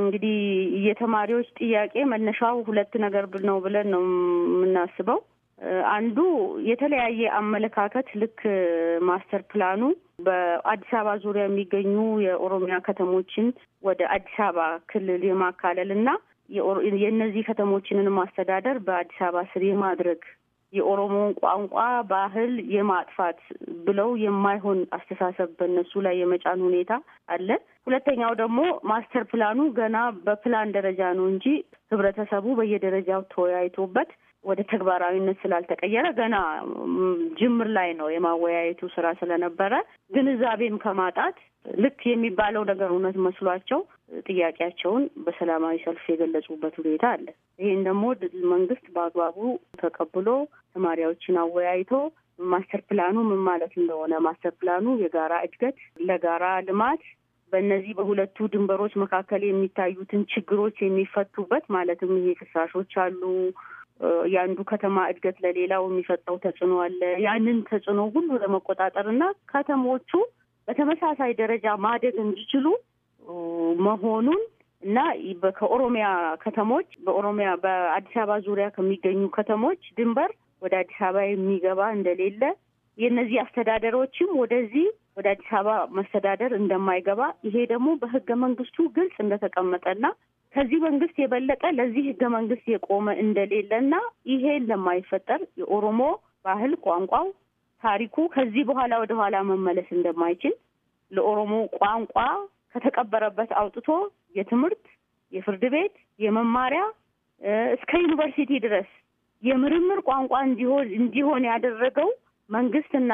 እንግዲህ የተማሪዎች ጥያቄ መነሻው ሁለት ነገር ነው ብለን ነው የምናስበው። አንዱ የተለያየ አመለካከት ልክ ማስተር ፕላኑ በአዲስ አበባ ዙሪያ የሚገኙ የኦሮሚያ ከተሞችን ወደ አዲስ አበባ ክልል የማካለል እና የእነዚህ ከተሞችንን ማስተዳደር በአዲስ አበባ ስር የማድረግ የኦሮሞን ቋንቋ ባህል የማጥፋት ብለው የማይሆን አስተሳሰብ በእነሱ ላይ የመጫን ሁኔታ አለ። ሁለተኛው ደግሞ ማስተር ፕላኑ ገና በፕላን ደረጃ ነው እንጂ ህብረተሰቡ በየደረጃው ተወያይቶበት ወደ ተግባራዊነት ስላልተቀየረ ገና ጅምር ላይ ነው የማወያየቱ ስራ ስለነበረ ግንዛቤም ከማጣት ልክ የሚባለው ነገር እውነት መስሏቸው ጥያቄያቸውን በሰላማዊ ሰልፍ የገለጹበት ሁኔታ አለ። ይህን ደግሞ መንግስት በአግባቡ ተቀብሎ ተማሪዎችን አወያይቶ ማስተር ፕላኑ ምን ማለት እንደሆነ ማስተር ፕላኑ የጋራ እድገት ለጋራ ልማት በእነዚህ በሁለቱ ድንበሮች መካከል የሚታዩትን ችግሮች የሚፈቱበት ማለትም ይሄ ፍሳሾች አሉ የአንዱ ከተማ እድገት ለሌላው የሚፈጥረው ተጽዕኖ አለ። ያንን ተጽዕኖ ሁሉ ለመቆጣጠር እና ከተሞቹ በተመሳሳይ ደረጃ ማደግ እንዲችሉ መሆኑን እና ከኦሮሚያ ከተሞች በኦሮሚያ በአዲስ አበባ ዙሪያ ከሚገኙ ከተሞች ድንበር ወደ አዲስ አበባ የሚገባ እንደሌለ የእነዚህ አስተዳደሮችም ወደዚህ ወደ አዲስ አበባ መስተዳደር እንደማይገባ ይሄ ደግሞ በህገ መንግስቱ ግልጽ እንደተቀመጠና ከዚህ መንግስት የበለጠ ለዚህ ህገ መንግስት የቆመ እንደሌለና ይሄ እንደማይፈጠር የኦሮሞ ባህል፣ ቋንቋው፣ ታሪኩ ከዚህ በኋላ ወደኋላ መመለስ እንደማይችል ለኦሮሞ ቋንቋ ከተቀበረበት አውጥቶ የትምህርት የፍርድ ቤት የመማሪያ እስከ ዩኒቨርሲቲ ድረስ የምርምር ቋንቋ እንዲሆን እንዲሆን ያደረገው መንግስትና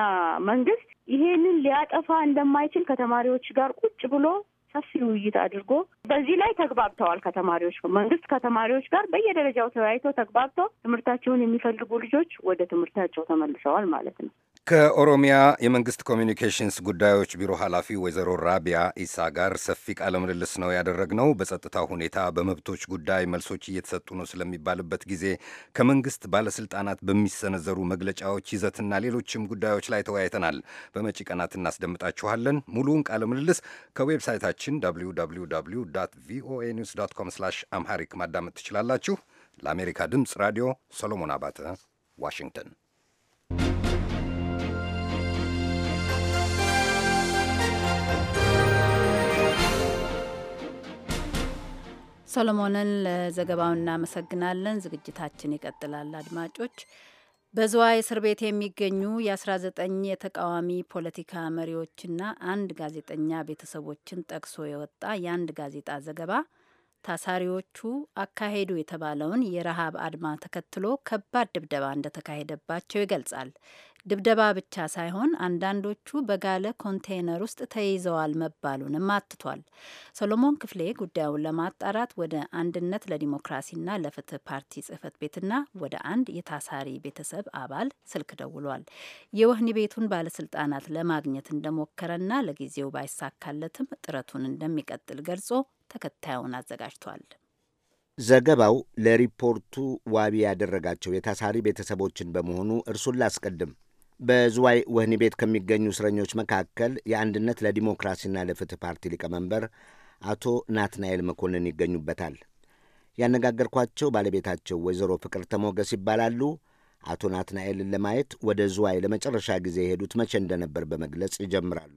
መንግስት ይሄንን ሊያጠፋ እንደማይችል ከተማሪዎች ጋር ቁጭ ብሎ ሰፊ ውይይት አድርጎ በዚህ ላይ ተግባብተዋል። ከተማሪዎች መንግስት ከተማሪዎች ጋር በየደረጃው ተወያይቶ ተግባብቶ ትምህርታቸውን የሚፈልጉ ልጆች ወደ ትምህርታቸው ተመልሰዋል ማለት ነው። ከኦሮሚያ የመንግስት ኮሚኒኬሽንስ ጉዳዮች ቢሮ ኃላፊ ወይዘሮ ራቢያ ኢሳ ጋር ሰፊ ቃለ ምልልስ ነው ያደረግነው። በጸጥታ ሁኔታ፣ በመብቶች ጉዳይ መልሶች እየተሰጡ ነው ስለሚባልበት ጊዜ፣ ከመንግስት ባለስልጣናት በሚሰነዘሩ መግለጫዎች ይዘትና ሌሎችም ጉዳዮች ላይ ተወያይተናል። በመጪ ቀናት እናስደምጣችኋለን። ሙሉውን ቃለ ምልልስ ከዌብሳይታችን www ቪኦኤ ኒውስ ዶት ኮም ስላሽ አምሃሪክ ማዳመጥ ትችላላችሁ። ለአሜሪካ ድምፅ ራዲዮ ሰሎሞን አባተ ዋሽንግተን ሰሎሞንን ለዘገባው እናመሰግናለን። ዝግጅታችን ይቀጥላል። አድማጮች በዝዋይ እስር ቤት የሚገኙ የ19 የተቃዋሚ ፖለቲካ መሪዎችና አንድ ጋዜጠኛ ቤተሰቦችን ጠቅሶ የወጣ የአንድ ጋዜጣ ዘገባ ታሳሪዎቹ አካሄዱ የተባለውን የረሃብ አድማ ተከትሎ ከባድ ድብደባ እንደተካሄደባቸው ይገልጻል። ድብደባ ብቻ ሳይሆን አንዳንዶቹ በጋለ ኮንቴይነር ውስጥ ተይዘዋል መባሉንም አትቷል። ሰሎሞን ክፍሌ ጉዳዩን ለማጣራት ወደ አንድነት ለዲሞክራሲና ለፍትህ ፓርቲ ጽህፈት ቤትና ወደ አንድ የታሳሪ ቤተሰብ አባል ስልክ ደውሏል። የወህኒ ቤቱን ባለስልጣናት ለማግኘት እንደሞከረና ለጊዜው ባይሳካለትም ጥረቱን እንደሚቀጥል ገልጾ ተከታዩን አዘጋጅቷል። ዘገባው ለሪፖርቱ ዋቢ ያደረጋቸው የታሳሪ ቤተሰቦችን በመሆኑ እርሱን ላስቀድም። በዝዋይ ወህኒ ቤት ከሚገኙ እስረኞች መካከል የአንድነት ለዲሞክራሲና ለፍትህ ፓርቲ ሊቀመንበር አቶ ናትናኤል መኮንን ይገኙበታል። ያነጋገርኳቸው ባለቤታቸው ወይዘሮ ፍቅር ተሞገስ ይባላሉ። አቶ ናትናኤልን ለማየት ወደ ዝዋይ ለመጨረሻ ጊዜ የሄዱት መቼ እንደነበር በመግለጽ ይጀምራሉ።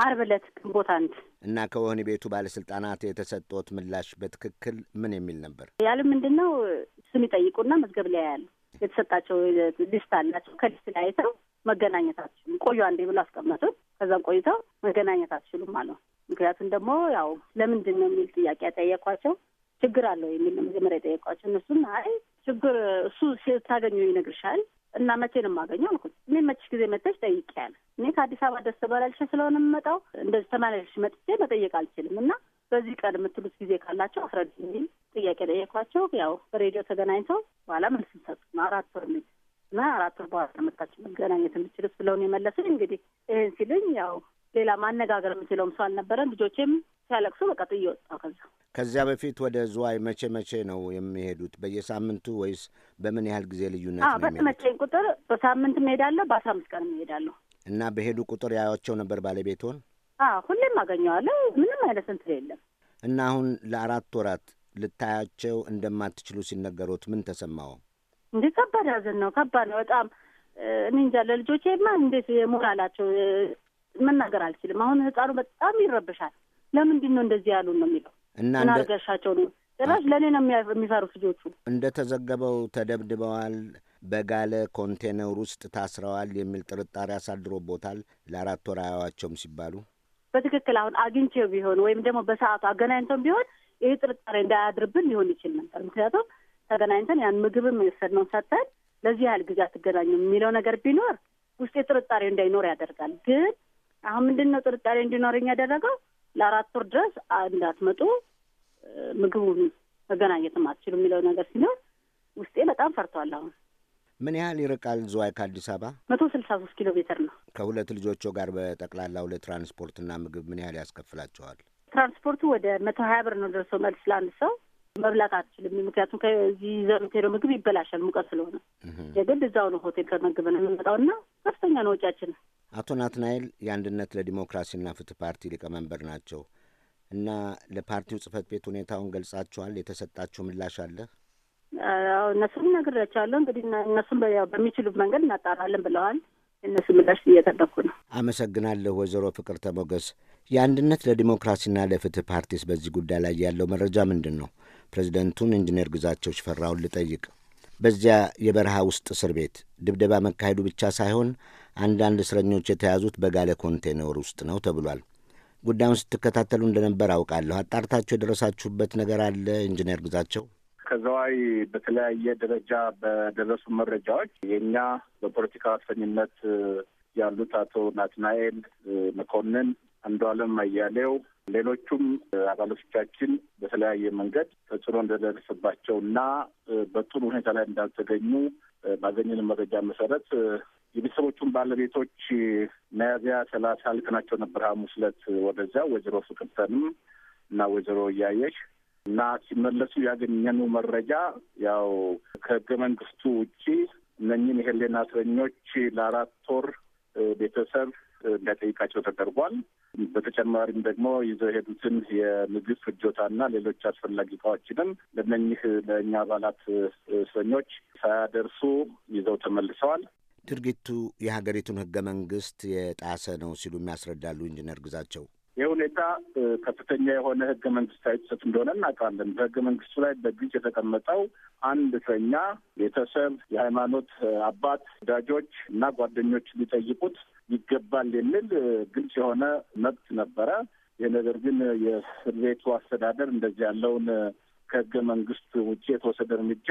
አርብ ዕለት ግንቦት አንድ እና ከወህኒ ቤቱ ባለስልጣናት የተሰጠት ምላሽ በትክክል ምን የሚል ነበር? ያለም ምንድን ነው ስም ይጠይቁና መዝገብ ላይ ያሉ የተሰጣቸው ሊስት አላቸው። ከሊስት ላይ አይተው መገናኘት አትችሉም፣ ቆዩ አንዴ ብሎ አስቀመጡት። ከዛም ቆይተው መገናኘት አትችሉም አለው። ምክንያቱም ደግሞ ያው ለምንድን ነው የሚል ጥያቄ ያጠየኳቸው ችግር አለው የሚል መጀመሪያ የጠየቋቸው እነሱም አይ ችግር እሱ ስታገኙ ይነግርሻል እና መቼ ነው የማገኘው እኔ የሚመችሽ ጊዜ መጥተሽ ጠይቅ ያለ። እኔ ከአዲስ አበባ ደስ በላልሽ ስለሆነ የምመጣው እንደዚህ ተመላለሽ መጥቼ መጠየቅ አልችልም እና በዚህ ቀን የምትሉት ጊዜ ካላቸው አስረድ የሚል ጥያቄ ጠየኳቸው። ያው በሬዲዮ ተገናኝተው በኋላ መልስ ሰጡ። አራት ወር ልጅ እና አራት ወር በኋላ መጣች መገናኘት የምችሉት ስለሆነ የመለስን እንግዲህ ይህን ሲልኝ ያው ሌላ ማነጋገር የምችለውም ሰው አልነበረን። ልጆቼም ሲያለቅሱ በቃ ጥዬ ወጣሁ። ከዛ ከዚያ በፊት ወደ ዝዋይ መቼ መቼ ነው የሚሄዱት? በየሳምንቱ ወይስ በምን ያህል ጊዜ ልዩነት ነው? በተመቸኝ ቁጥር በሳምንት እሄዳለሁ፣ በአስራ አምስት ቀን እሄዳለሁ። እና በሄዱ ቁጥር ያዩዋቸው ነበር ባለቤትዎን? ሁሌም አገኘዋለሁ። ምንም አይነት እንትን የለም። እና አሁን ለአራት ወራት ልታያቸው እንደማትችሉ ሲነገሩት ምን ተሰማው? እንዲህ ከባድ ሐዘን ነው። ከባድ ነው በጣም እኔ እንጃ። ለልጆቼማ እንዴት የሞራላቸው መናገር አልችልም። አሁን ህፃኑ በጣም ይረብሻል። ለምንድን ነው እንደዚህ ያሉን ነው የሚለው። እና ምን ነው? ጭራሽ ለእኔ ነው የሚፈሩት ልጆቹ። እንደተዘገበው ተደብድበዋል፣ በጋለ ኮንቴነር ውስጥ ታስረዋል የሚል ጥርጣሬ አሳድሮቦታል። ለአራት ወር አያዋቸውም ሲባሉ በትክክል አሁን አግኝቼው ቢሆን ወይም ደግሞ በሰዓቱ አገናኝተን ቢሆን ይህ ጥርጣሬ እንዳያድርብን ሊሆን ይችል ነበር። ምክንያቱም ተገናኝተን ያን ምግብም የወሰድነውን ሰጥተን ለዚህ ያህል ጊዜ አትገናኙ የሚለው ነገር ቢኖር ውስጤ ጥርጣሬ እንዳይኖር ያደርጋል። ግን አሁን ምንድን ነው ጥርጣሬ እንዲኖረኝ ያደረገው? ለአራት ወር ድረስ እንዳትመጡ ምግቡን መገናኘትም አትችሉ የሚለው ነገር ሲኖር ውስጤ በጣም ፈርቷል። አሁን ምን ያህል ይርቃል ዝዋይ ከአዲስ አበባ? መቶ ስልሳ ሶስት ኪሎ ሜትር ነው። ከሁለት ልጆቹ ጋር በጠቅላላው ለትራንስፖርትና ምግብ ምን ያህል ያስከፍላቸዋል? ትራንስፖርቱ ወደ መቶ ሀያ ብር ነው ደርሶ መልስ ለአንድ ሰው መብላት አትችልም። ምክንያቱም ከዚህ ይዘው ምግብ ይበላሻል ሙቀት ስለሆነ የግድ እዛው ነው ሆቴል ተመግበን የምንመጣው እና ከፍተኛ ነው ወጪያችን። አቶ ናትናኤል የአንድነት ለዲሞክራሲና ፍትህ ፓርቲ ሊቀመንበር ናቸው እና ለፓርቲው ጽህፈት ቤት ሁኔታውን ገልጻችኋል? የተሰጣችሁ ምላሽ አለ? እነሱም ነግሬያቸዋለሁ። እንግዲህ እነሱም በሚችሉት መንገድ እናጣራለን ብለዋል። እነሱ ምላሽ እየጠበቅኩ ነው። አመሰግናለሁ። ወይዘሮ ፍቅር ተሞገስ የአንድነት ለዲሞክራሲና ለፍትህ ፓርቲስ በዚህ ጉዳይ ላይ ያለው መረጃ ምንድን ነው? ፕሬዚደንቱን ኢንጂነር ግዛቸው ሽፈራውን ልጠይቅ። በዚያ የበረሃ ውስጥ እስር ቤት ድብደባ መካሄዱ ብቻ ሳይሆን አንዳንድ እስረኞች የተያዙት በጋለ ኮንቴነር ውስጥ ነው ተብሏል። ጉዳዩን ስትከታተሉ እንደነበር አውቃለሁ። አጣርታችሁ የደረሳችሁበት ነገር አለ ኢንጂነር ግዛቸው? ከዛዋይ በተለያየ ደረጃ በደረሱ መረጃዎች የእኛ በፖለቲካ እስረኝነት ያሉት አቶ ናትናኤል መኮንን፣ አንዱዓለም አያሌው፣ ሌሎቹም አባሎቻችን በተለያየ መንገድ ተጽዕኖ እንደደረሰባቸው እና በጥሩ ሁኔታ ላይ እንዳልተገኙ ባገኘን መረጃ መሰረት የቤተሰቦቹን ባለቤቶች ሚያዝያ ሰላሳ ናቸው ነበር ሐሙስ ዕለት ወደዚያ ወይዘሮ ፍቅርተንም እና ወይዘሮ እያየሽ እና ሲመለሱ ያገኘኑ መረጃ ያው ከህገ መንግስቱ ውጪ እነኝን የህሊና እስረኞች ለአራት ወር ቤተሰብ እንዳይጠይቃቸው ተደርጓል። በተጨማሪም ደግሞ ይዘው የሄዱትን የምግብ ፍጆታና ሌሎች አስፈላጊ እቃዎችንም ለእነኝህ ለእኛ አባላት እስረኞች ሳያደርሱ ይዘው ተመልሰዋል። ድርጊቱ የሀገሪቱን ህገ መንግስት የጣሰ ነው ሲሉ የሚያስረዳሉ ኢንጂነር ግዛቸው። ይህ ሁኔታ ከፍተኛ የሆነ ህገ መንግስታዊ ጥሰት እንደሆነ እናውቃለን። በህገ መንግስቱ ላይ በግልጽ የተቀመጠው አንድ እስረኛ ቤተሰብ፣ የሃይማኖት አባት፣ ወዳጆች እና ጓደኞች ሊጠይቁት ይገባል የሚል ግልጽ የሆነ መብት ነበረ። ይህ ነገር ግን የእስር ቤቱ አስተዳደር እንደዚህ ያለውን ከህገ መንግስት ውጭ የተወሰደ እርምጃ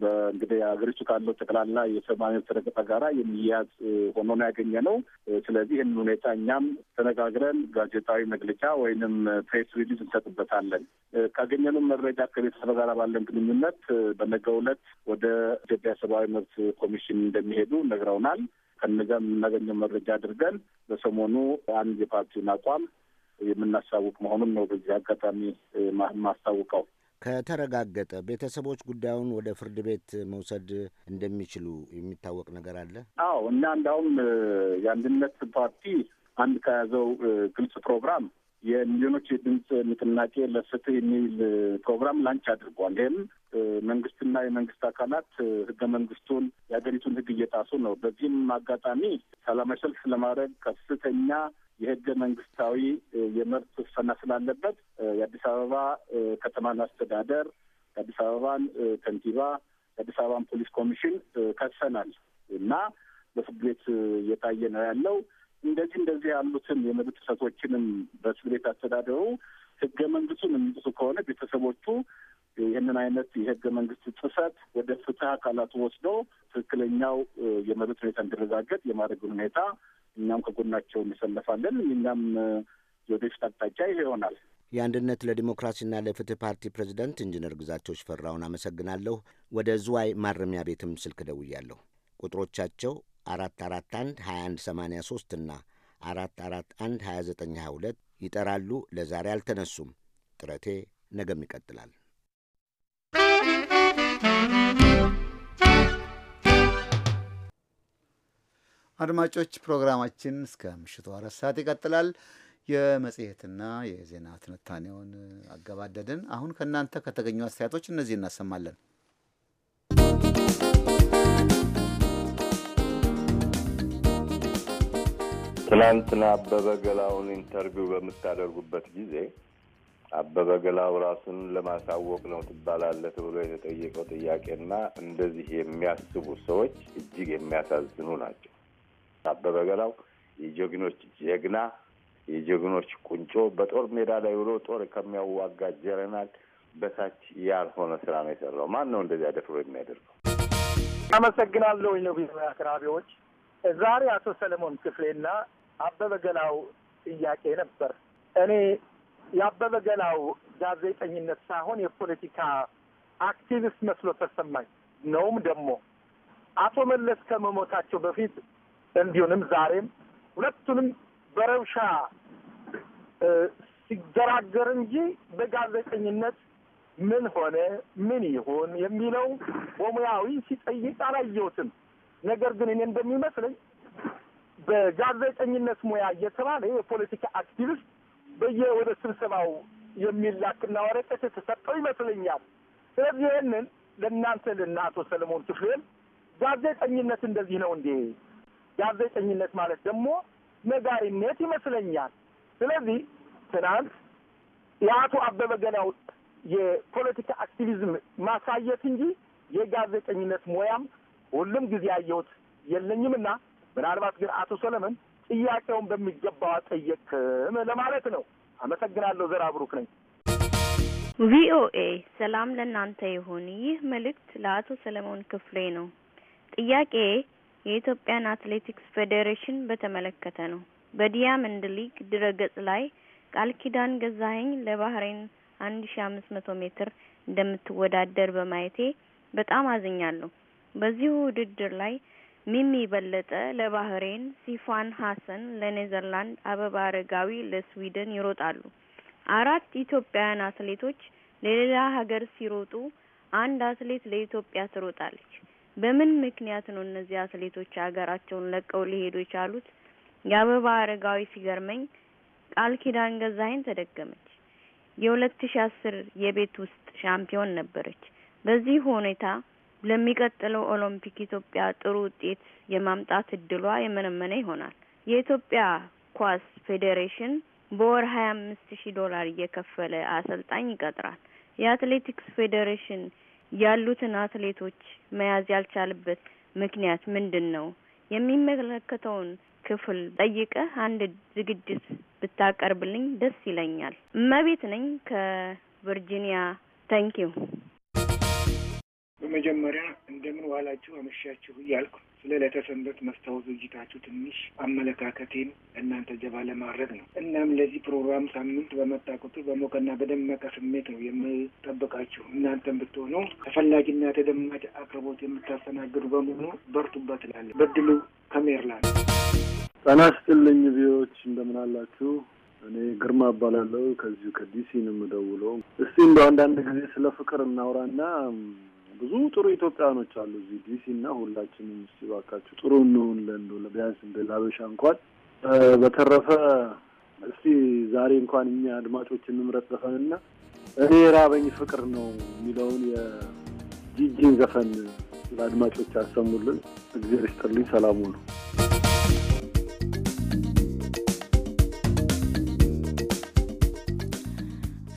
በእንግዲህ ሀገሪቱ ካለው ጠቅላላ የሰብአዊ መብት ረገጣ ጋራ የሚያያዝ ሆኖ ነው ያገኘ ነው። ስለዚህ ይህን ሁኔታ እኛም ተነጋግረን ጋዜጣዊ መግለጫ ወይንም ፕሬስ ሪሊዝ እንሰጥበታለን። ካገኘንም መረጃ ከቤተሰብ ጋር ባለን ግንኙነት በነገው ዕለት ወደ ኢትዮጵያ ሰብአዊ መብት ኮሚሽን እንደሚሄዱ ነግረውናል። ከነዚያ የምናገኘው መረጃ አድርገን በሰሞኑ አንድ የፓርቲውን አቋም የምናሳውቅ መሆኑን ነው በዚህ አጋጣሚ ማስታውቀው። ከተረጋገጠ ቤተሰቦች ጉዳዩን ወደ ፍርድ ቤት መውሰድ እንደሚችሉ የሚታወቅ ነገር አለ? አዎ፣ እና እንዳውም የአንድነት ፓርቲ አንድ ከያዘው ግልጽ ፕሮግራም የሚሊዮኖች የድምፅ ንቅናቄ ለፍትህ የሚል ፕሮግራም ላንች አድርጓል። ይህም መንግስትና የመንግስት አካላት ህገ መንግስቱን የሀገሪቱን ህግ እየጣሱ ነው። በዚህም አጋጣሚ ሰላማዊ ሰልፍ ለማድረግ ከፍተኛ የህገ መንግስታዊ የመብት ውሳና ስላለበት የአዲስ አበባ ከተማን አስተዳደር፣ የአዲስ አበባን ከንቲባ፣ የአዲስ አበባን ፖሊስ ኮሚሽን ከሰናል እና በፍርድ ቤት እየታየ ነው ያለው። እንደዚህ እንደዚህ ያሉትን የመብት ጥሰቶችንም በእስር ቤት አስተዳደሩ ህገ መንግስቱን የሚጥሱ ከሆነ ቤተሰቦቹ ይህንን አይነት የህገ መንግስት ጥሰት ወደ ፍትህ አካላቱ ወስዶ ትክክለኛው የመብት ሁኔታ እንዲረጋገጥ የማድረግ ሁኔታ እኛም ከጎናቸው እንሰለፋለን። እኛም የወደፊት አቅጣጫ ይሄ ይሆናል። የአንድነት ለዲሞክራሲና ለፍትህ ፓርቲ ፕሬዚደንት ኢንጂነር ግዛቸው ሽፈራውን አመሰግናለሁ። ወደ ዝዋይ ማረሚያ ቤትም ስልክ ደውያለሁ። ቁጥሮቻቸው 441 2183 እና 441 2922 ይጠራሉ። ለዛሬ አልተነሱም። ጥረቴ ነገም ይቀጥላል። አድማጮች ፕሮግራማችን እስከ ምሽቱ አራት ሰዓት ይቀጥላል። የመጽሔትና የዜና ትንታኔውን አገባደድን። አሁን ከእናንተ ከተገኙ አስተያየቶች እነዚህ እናሰማለን። ትናንትና አበበ ገላውን ኢንተርቪው በምታደርጉበት ጊዜ አበበ ገላው ራሱን ለማሳወቅ ነው ትባላለት ብሎ የተጠየቀው ጥያቄና እንደዚህ የሚያስቡ ሰዎች እጅግ የሚያሳዝኑ ናቸው። አበበ ገላው የጀግኖች ጀግና፣ የጀግኖች ቁንጮ በጦር ሜዳ ላይ ውሎ ጦር ከሚያዋጋ ጀረናል በታች ያልሆነ ስራ ነው የሰራው። ማን ነው እንደዚህ አደፍሮ የሚያደርገው? አመሰግናለሁ። ነቢ አቅራቢዎች ዛሬ አቶ ሰለሞን ክፍሌና አበበ ገላው ጥያቄ ነበር። እኔ የአበበ ገላው ጋዜጠኝነት ሳይሆን የፖለቲካ አክቲቪስት መስሎ ተሰማኝ። ነውም ደግሞ አቶ መለስ ከመሞታቸው በፊት እንዲሁንም ዛሬም ሁለቱንም በረብሻ ሲገራገር እንጂ በጋዜጠኝነት ምን ሆነ ምን ይሁን የሚለው በሙያዊ ሲጠይቅ አላየሁትም። ነገር ግን እኔ እንደሚመስለኝ በጋዜጠኝነት ሙያ እየተባለ የፖለቲካ አክቲቪስት በየ ወደ ስብሰባው የሚላክና ወረቀት የተሰጠው ይመስለኛል። ስለዚህ ይህንን ለእናንተ ልና አቶ ሰለሞን ክፍሌም ጋዜጠኝነት እንደዚህ ነው እንዴ? ጋዜጠኝነት ማለት ደግሞ ነጋሪነት ይመስለኛል። ስለዚህ ትናንት የአቶ አበበ ገናው የፖለቲካ አክቲቪዝም ማሳየት እንጂ የጋዜጠኝነት ሙያም ሁሉም ጊዜ ያየሁት የለኝምና ምናልባት ግን አቶ ሰለሞን ጥያቄውን በሚገባው ጠየቅም ለማለት ነው። አመሰግናለሁ። ዘራ ብሩክ ነኝ። ቪኦኤ ሰላም ለእናንተ ይሁን። ይህ መልእክት ለአቶ ሰለሞን ክፍሌ ነው። ጥያቄ የኢትዮጵያን አትሌቲክስ ፌዴሬሽን በተመለከተ ነው። በዲያመንድ ሊግ ድረገጽ ላይ ቃል ኪዳን ገዛኸኝ ለባህሬን አንድ ሺ አምስት መቶ ሜትር እንደምትወዳደር በማየቴ በጣም አዝኛለሁ። በዚሁ ውድድር ላይ ሚሚ በለጠ ለባህሬን፣ ሲፋን ሀሰን ለኔዘርላንድ፣ አበባ አረጋዊ ለስዊድን ይሮጣሉ። አራት ኢትዮጵያውያን አትሌቶች ለሌላ ሀገር ሲሮጡ አንድ አትሌት ለኢትዮጵያ ትሮጣለች። በምን ምክንያት ነው እነዚህ አትሌቶች ሀገራቸውን ለቀው ሊሄዱ የቻሉት? የአበባ አረጋዊ ሲገርመኝ ቃል ኪዳን ገዛኸኝ ተደገመች። የሁለት ሺ አስር የቤት ውስጥ ሻምፒዮን ነበረች። በዚህ ሁኔታ ለሚቀጥለው ኦሎምፒክ ኢትዮጵያ ጥሩ ውጤት የማምጣት እድሏ የመነመነ ይሆናል። የኢትዮጵያ ኳስ ፌዴሬሽን በወር ሀያ አምስት ሺህ ዶላር እየከፈለ አሰልጣኝ ይቀጥራል። የአትሌቲክስ ፌዴሬሽን ያሉትን አትሌቶች መያዝ ያልቻለበት ምክንያት ምንድን ነው? የሚመለከተውን ክፍል ጠይቀህ አንድ ዝግጅት ብታቀርብልኝ ደስ ይለኛል። እመቤት ነኝ ከቨርጂኒያ። ታንኪዩ በመጀመሪያ እንደምን ዋላችሁ አመሻችሁ እያልኩ ስለ ለተሰንበት መስታወት ውይይታችሁ ትንሽ አመለካከቴን እናንተ ጀባ ለማድረግ ነው። እናም ለዚህ ፕሮግራም ሳምንት በመጣ ቁጥር በሞቀና በደመቀ ስሜት ነው የምጠብቃችሁ። እናንተን ብትሆኑ ተፈላጊና ተደማጭ አቅርቦት የምታስተናግዱ በመሆኑ በርቱበት እላለሁ። በድሉ ከሜርላንድ ጤና ይስጥልኝ። ቪዎች እንደምን አላችሁ? እኔ ግርማ እባላለሁ። ከዚሁ ከዲሲ ነው የምደውለው። እስቲ እንደው አንዳንድ ጊዜ ስለ ፍቅር እናውራና ብዙ ጥሩ ኢትዮጵያኖች አሉ እዚህ ዲሲ እና ሁላችንም እስኪ እባካችሁ ጥሩ እንሆን ለእንዶ ቢያንስ እንደ ላበሻ እንኳን በተረፈ እስቲ ዛሬ እንኳን እኛ አድማጮች እንምረጥ ዘፈንና እኔ ራበኝ ፍቅር ነው የሚለውን የጂጂን ዘፈን ለአድማጮች ያሰሙልን። እግዜር ይስጥልኝ። ሰላሙ ነው።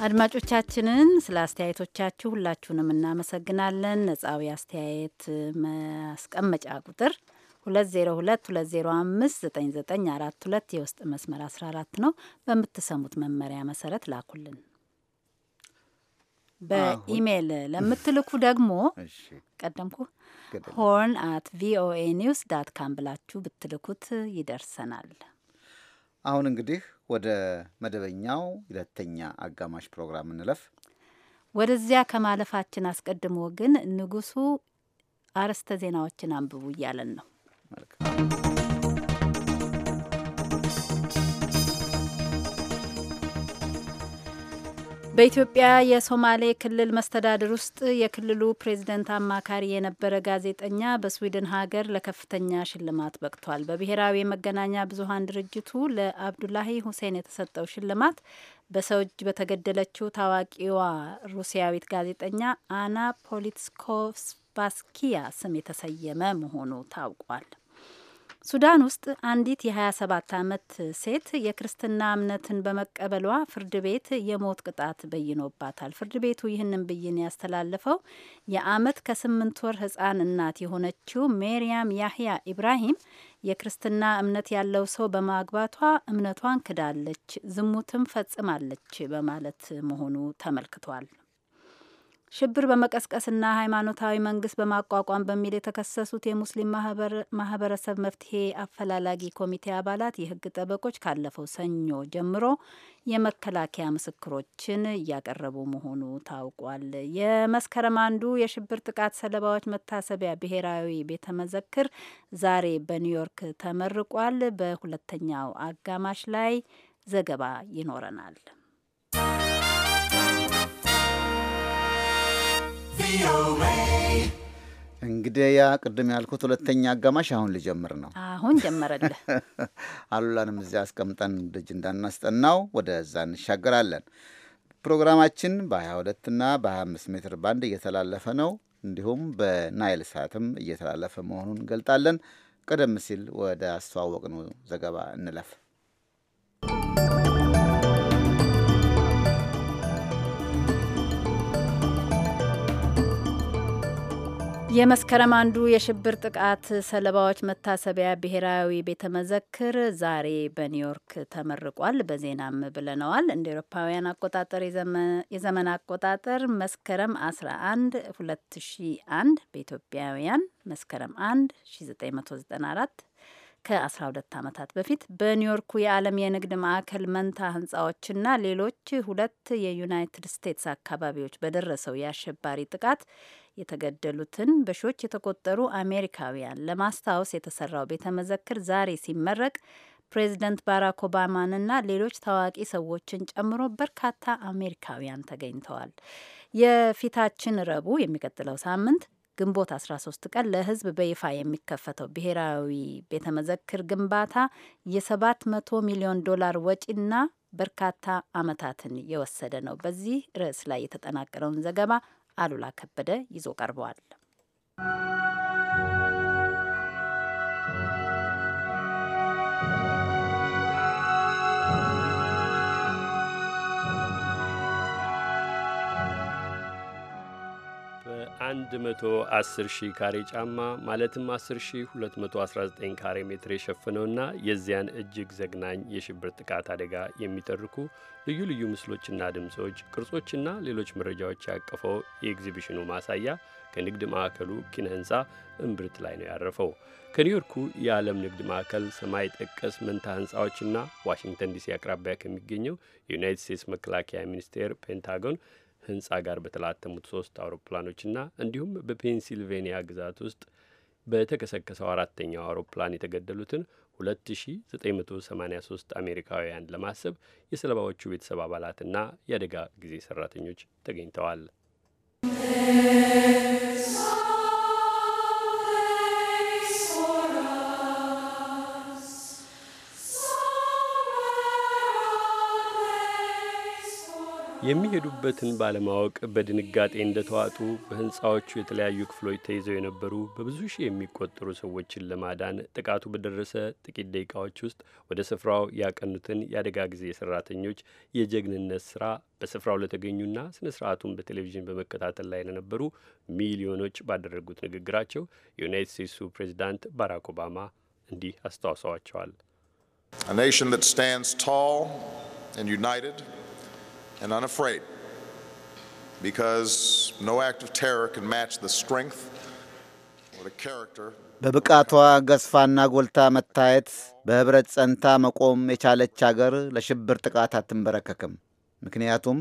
አድማጮቻችንን ስለ አስተያየቶቻችሁ ሁላችሁንም እናመሰግናለን። ነጻዊ አስተያየት ማስቀመጫ ቁጥር 2022059942 የውስጥ መስመር 14 ነው። በምትሰሙት መመሪያ መሰረት ላኩልን። በኢሜይል ለምትልኩ ደግሞ ቀደምኩ ሆርን አት ቪኦኤ ኒውስ ዳት ካም ብላችሁ ብትልኩት ይደርሰናል። አሁን እንግዲህ ወደ መደበኛው ሁለተኛ አጋማሽ ፕሮግራም እንለፍ። ወደዚያ ከማለፋችን አስቀድሞ ግን ንጉሱ አርዕስተ ዜናዎችን አንብቡ እያለን ነው። በኢትዮጵያ የሶማሌ ክልል መስተዳድር ውስጥ የክልሉ ፕሬዝደንት አማካሪ የነበረ ጋዜጠኛ በስዊድን ሀገር ለከፍተኛ ሽልማት በቅቷል። በብሔራዊ የመገናኛ ብዙኃን ድርጅቱ ለአብዱላሂ ሁሴን የተሰጠው ሽልማት በሰው እጅ በተገደለችው ታዋቂዋ ሩሲያዊት ጋዜጠኛ አና ፖሊትስኮቭስኪያ ስም የተሰየመ መሆኑ ታውቋል። ሱዳን ውስጥ አንዲት የ27 ዓመት ሴት የክርስትና እምነትን በመቀበሏ ፍርድ ቤት የሞት ቅጣት በይኖባታል። ፍርድ ቤቱ ይህንን ብይን ያስተላለፈው የአመት ከስምንት ወር ህጻን እናት የሆነችው ሜሪያም ያህያ ኢብራሂም የክርስትና እምነት ያለው ሰው በማግባቷ እምነቷን ክዳለች፣ ዝሙትም ፈጽማለች በማለት መሆኑ ተመልክቷል። ሽብር በመቀስቀስና ሃይማኖታዊ መንግስት በማቋቋም በሚል የተከሰሱት የሙስሊም ማህበረሰብ መፍትሄ አፈላላጊ ኮሚቴ አባላት የህግ ጠበቆች ካለፈው ሰኞ ጀምሮ የመከላከያ ምስክሮችን እያቀረቡ መሆኑ ታውቋል። የመስከረም አንዱ የሽብር ጥቃት ሰለባዎች መታሰቢያ ብሔራዊ ቤተ መዘክር ዛሬ በኒውዮርክ ተመርቋል። በሁለተኛው አጋማሽ ላይ ዘገባ ይኖረናል። እንግዲህ ያ ቅድም ያልኩት ሁለተኛ አጋማሽ አሁን ልጀምር ነው። አሁን ጀመረለ አሉላንም እዚያ አስቀምጠን ልጅ እንዳናስጠናው ወደዛ እንሻገራለን። ፕሮግራማችን በ22 እና በ25 ሜትር ባንድ እየተላለፈ ነው። እንዲሁም በናይል ሳትም እየተላለፈ መሆኑን እንገልጣለን። ቀደም ሲል ወደ አስተዋወቅ ነው ዘገባ እንለፍ። የመስከረም አንዱ የሽብር ጥቃት ሰለባዎች መታሰቢያ ብሔራዊ ቤተ መዘክር ዛሬ በኒውዮርክ ተመርቋል። በዜናም ብለነዋል። እንደ ኤሮፓውያን አቆጣጠር የዘመን አቆጣጠር መስከረም 11 2001 በኢትዮጵያውያን መስከረም 1 1994 ከ12 ዓመታት በፊት በኒውዮርኩ የዓለም የንግድ ማዕከል መንታ ህንፃዎችና ሌሎች ሁለት የዩናይትድ ስቴትስ አካባቢዎች በደረሰው የአሸባሪ ጥቃት የተገደሉትን በሺዎች የተቆጠሩ አሜሪካውያን ለማስታወስ የተሰራው ቤተ መዘክር ዛሬ ሲመረቅ ፕሬዚደንት ባራክ ኦባማንና ሌሎች ታዋቂ ሰዎችን ጨምሮ በርካታ አሜሪካውያን ተገኝተዋል። የፊታችን ረቡዕ የሚቀጥለው ሳምንት ግንቦት 13 ቀን ለሕዝብ በይፋ የሚከፈተው ብሔራዊ ቤተ መዘክር ግንባታ የ700 ሚሊዮን ዶላር ወጪና በርካታ ዓመታትን የወሰደ ነው። በዚህ ርዕስ ላይ የተጠናቀረውን ዘገባ አሉላ ከበደ ይዞ ቀርበዋል። 110 ሺህ ካሬ ጫማ ማለትም 10219 ካሬ ሜትር የሸፈነውና የዚያን እጅግ ዘግናኝ የሽብር ጥቃት አደጋ የሚተርኩ ልዩ ልዩ ምስሎችና ድምፆች፣ ቅርጾችና ሌሎች መረጃዎች ያቀፈው የኤግዚቢሽኑ ማሳያ ከንግድ ማዕከሉ ኪነ ህንፃ እምብርት ላይ ነው ያረፈው። ከኒውዮርኩ የዓለም ንግድ ማዕከል ሰማይ ጠቀስ መንታ ህንፃዎችና ዋሽንግተን ዲሲ አቅራቢያ ከሚገኘው የዩናይትድ ስቴትስ መከላከያ ሚኒስቴር ፔንታጎን ህንፃ ጋር በተላተሙት ሶስት አውሮፕላኖችና እንዲሁም በፔንሲልቬኒያ ግዛት ውስጥ በተከሰከሰው አራተኛው አውሮፕላን የተገደሉትን 2983 አሜሪካውያን ለማሰብ የሰለባዎቹ ቤተሰብ አባላትና የአደጋ ጊዜ ሰራተኞች ተገኝተዋል። የሚሄዱበትን ባለማወቅ በድንጋጤ እንደተዋጡ በህንፃዎቹ የተለያዩ ክፍሎች ተይዘው የነበሩ በብዙ ሺህ የሚቆጠሩ ሰዎችን ለማዳን ጥቃቱ በደረሰ ጥቂት ደቂቃዎች ውስጥ ወደ ስፍራው ያቀኑትን የአደጋ ጊዜ ሰራተኞች የጀግንነት ስራ በስፍራው ለተገኙና ስነ ስርዓቱን በቴሌቪዥን በመከታተል ላይ ለነበሩ ሚሊዮኖች ባደረጉት ንግግራቸው የዩናይት ስቴትሱ ፕሬዚዳንት ባራክ ኦባማ እንዲህ አስታውሰዋቸዋል። A nation that stands tall and united and unafraid because no act of terror can match the strength or the character በብቃቷ ገዝፋና ጎልታ መታየት በህብረት ጸንታ መቆም የቻለች አገር ለሽብር ጥቃት አትንበረከክም። ምክንያቱም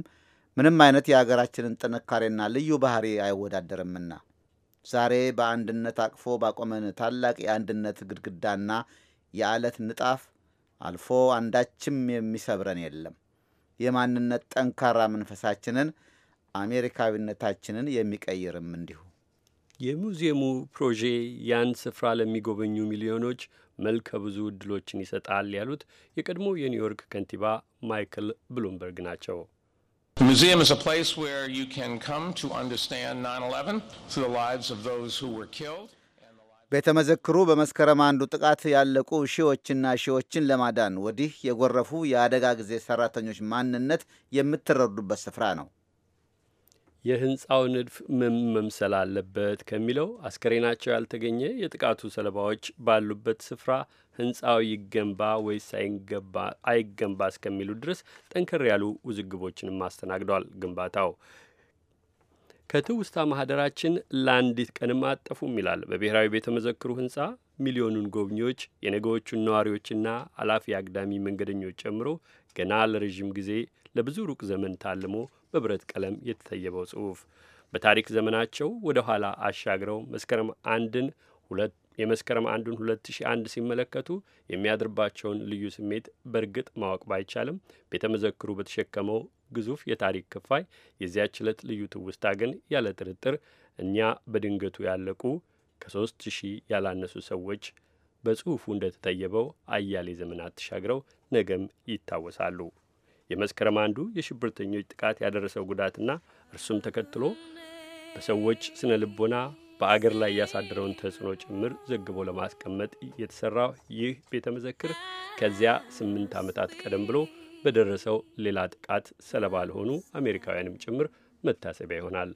ምንም አይነት የአገራችንን ጥንካሬና ልዩ ባህሪ አይወዳደርምና ዛሬ በአንድነት አቅፎ ባቆመን ታላቅ የአንድነት ግድግዳና የአለት ንጣፍ አልፎ አንዳችም የሚሰብረን የለም። የማንነት ጠንካራ መንፈሳችንን አሜሪካዊነታችንን የሚቀይርም እንዲሁ። የሙዚየሙ ፕሮጄ ያን ስፍራ ለሚጎበኙ ሚሊዮኖች መልከ ብዙ እድሎችን ይሰጣል ያሉት የቀድሞ የኒውዮርክ ከንቲባ ማይክል ብሉምበርግ ናቸው። ሙዚየም is a ዩ where you can come 9/11 through ላይቭስ lives of those who were ቤተ መዘክሩ በመስከረም አንዱ ጥቃት ያለቁ ሺዎችና ሺዎችን ለማዳን ወዲህ የጎረፉ የአደጋ ጊዜ ሰራተኞች ማንነት የምትረዱበት ስፍራ ነው። የህንፃው ንድፍ ምን መምሰል አለበት ከሚለው አስከሬናቸው ያልተገኘ የጥቃቱ ሰለባዎች ባሉበት ስፍራ ህንፃው ይገንባ ወይስ አይገንባ እስከሚሉ ድረስ ጠንከር ያሉ ውዝግቦችንም አስተናግዷል ግንባታው። ከትውስታ ማህደራችን ለአንዲት ቀንም አጠፉም ይላል በብሔራዊ ቤተ መዘክሩ ህንጻ ሚሊዮኑን ጎብኚዎች የነገዎቹን ነዋሪዎችና አላፊ አግዳሚ መንገደኞች ጨምሮ ገና ለረዥም ጊዜ ለብዙ ሩቅ ዘመን ታልሞ በብረት ቀለም የተተየበው ጽሑፍ በታሪክ ዘመናቸው ወደ ኋላ አሻግረው መስከረም አንድን ሁለት የመስከረም አንዱን 2001 ሲመለከቱ የሚያድርባቸውን ልዩ ስሜት በእርግጥ ማወቅ ባይቻልም ቤተ መዘክሩ በተሸከመው ግዙፍ የታሪክ ክፋይ የዚያች ዕለት ልዩ ትውስታ ግን ያለ ጥርጥር እኛ በድንገቱ ያለቁ ከሶስት ሺህ ያላነሱ ሰዎች በጽሑፉ እንደተተየበው አያሌ ዘመናት ተሻግረው ነገም ይታወሳሉ። የመስከረም አንዱ የሽብርተኞች ጥቃት ያደረሰው ጉዳትና እርሱም ተከትሎ በሰዎች ስነ ልቦና በአገር ላይ ያሳደረውን ተጽዕኖ ጭምር ዘግቦ ለማስቀመጥ የተሠራው ይህ ቤተ መዘክር ከዚያ ስምንት ዓመታት ቀደም ብሎ በደረሰው ሌላ ጥቃት ሰለባ ለሆኑ አሜሪካውያንም ጭምር መታሰቢያ ይሆናል።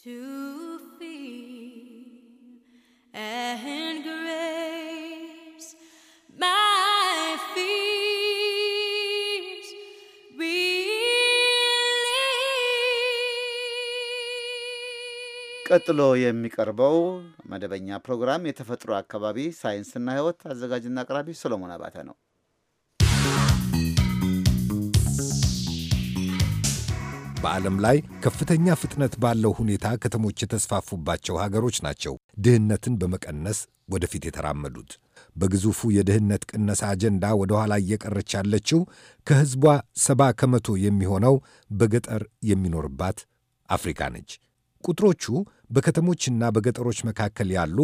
to feel and grace my fears ቀጥሎ የሚቀርበው መደበኛ ፕሮግራም የተፈጥሮ አካባቢ ሳይንስና ሕይወት አዘጋጅና አቅራቢ ሰሎሞን አባተ ነው። በዓለም ላይ ከፍተኛ ፍጥነት ባለው ሁኔታ ከተሞች የተስፋፉባቸው ሀገሮች ናቸው ድህነትን በመቀነስ ወደፊት የተራመዱት። በግዙፉ የድህነት ቅነሳ አጀንዳ ወደ ኋላ እየቀረች ያለችው ከሕዝቧ ሰባ ከመቶ የሚሆነው በገጠር የሚኖርባት አፍሪካ ነች። ቁጥሮቹ በከተሞችና በገጠሮች መካከል ያሉ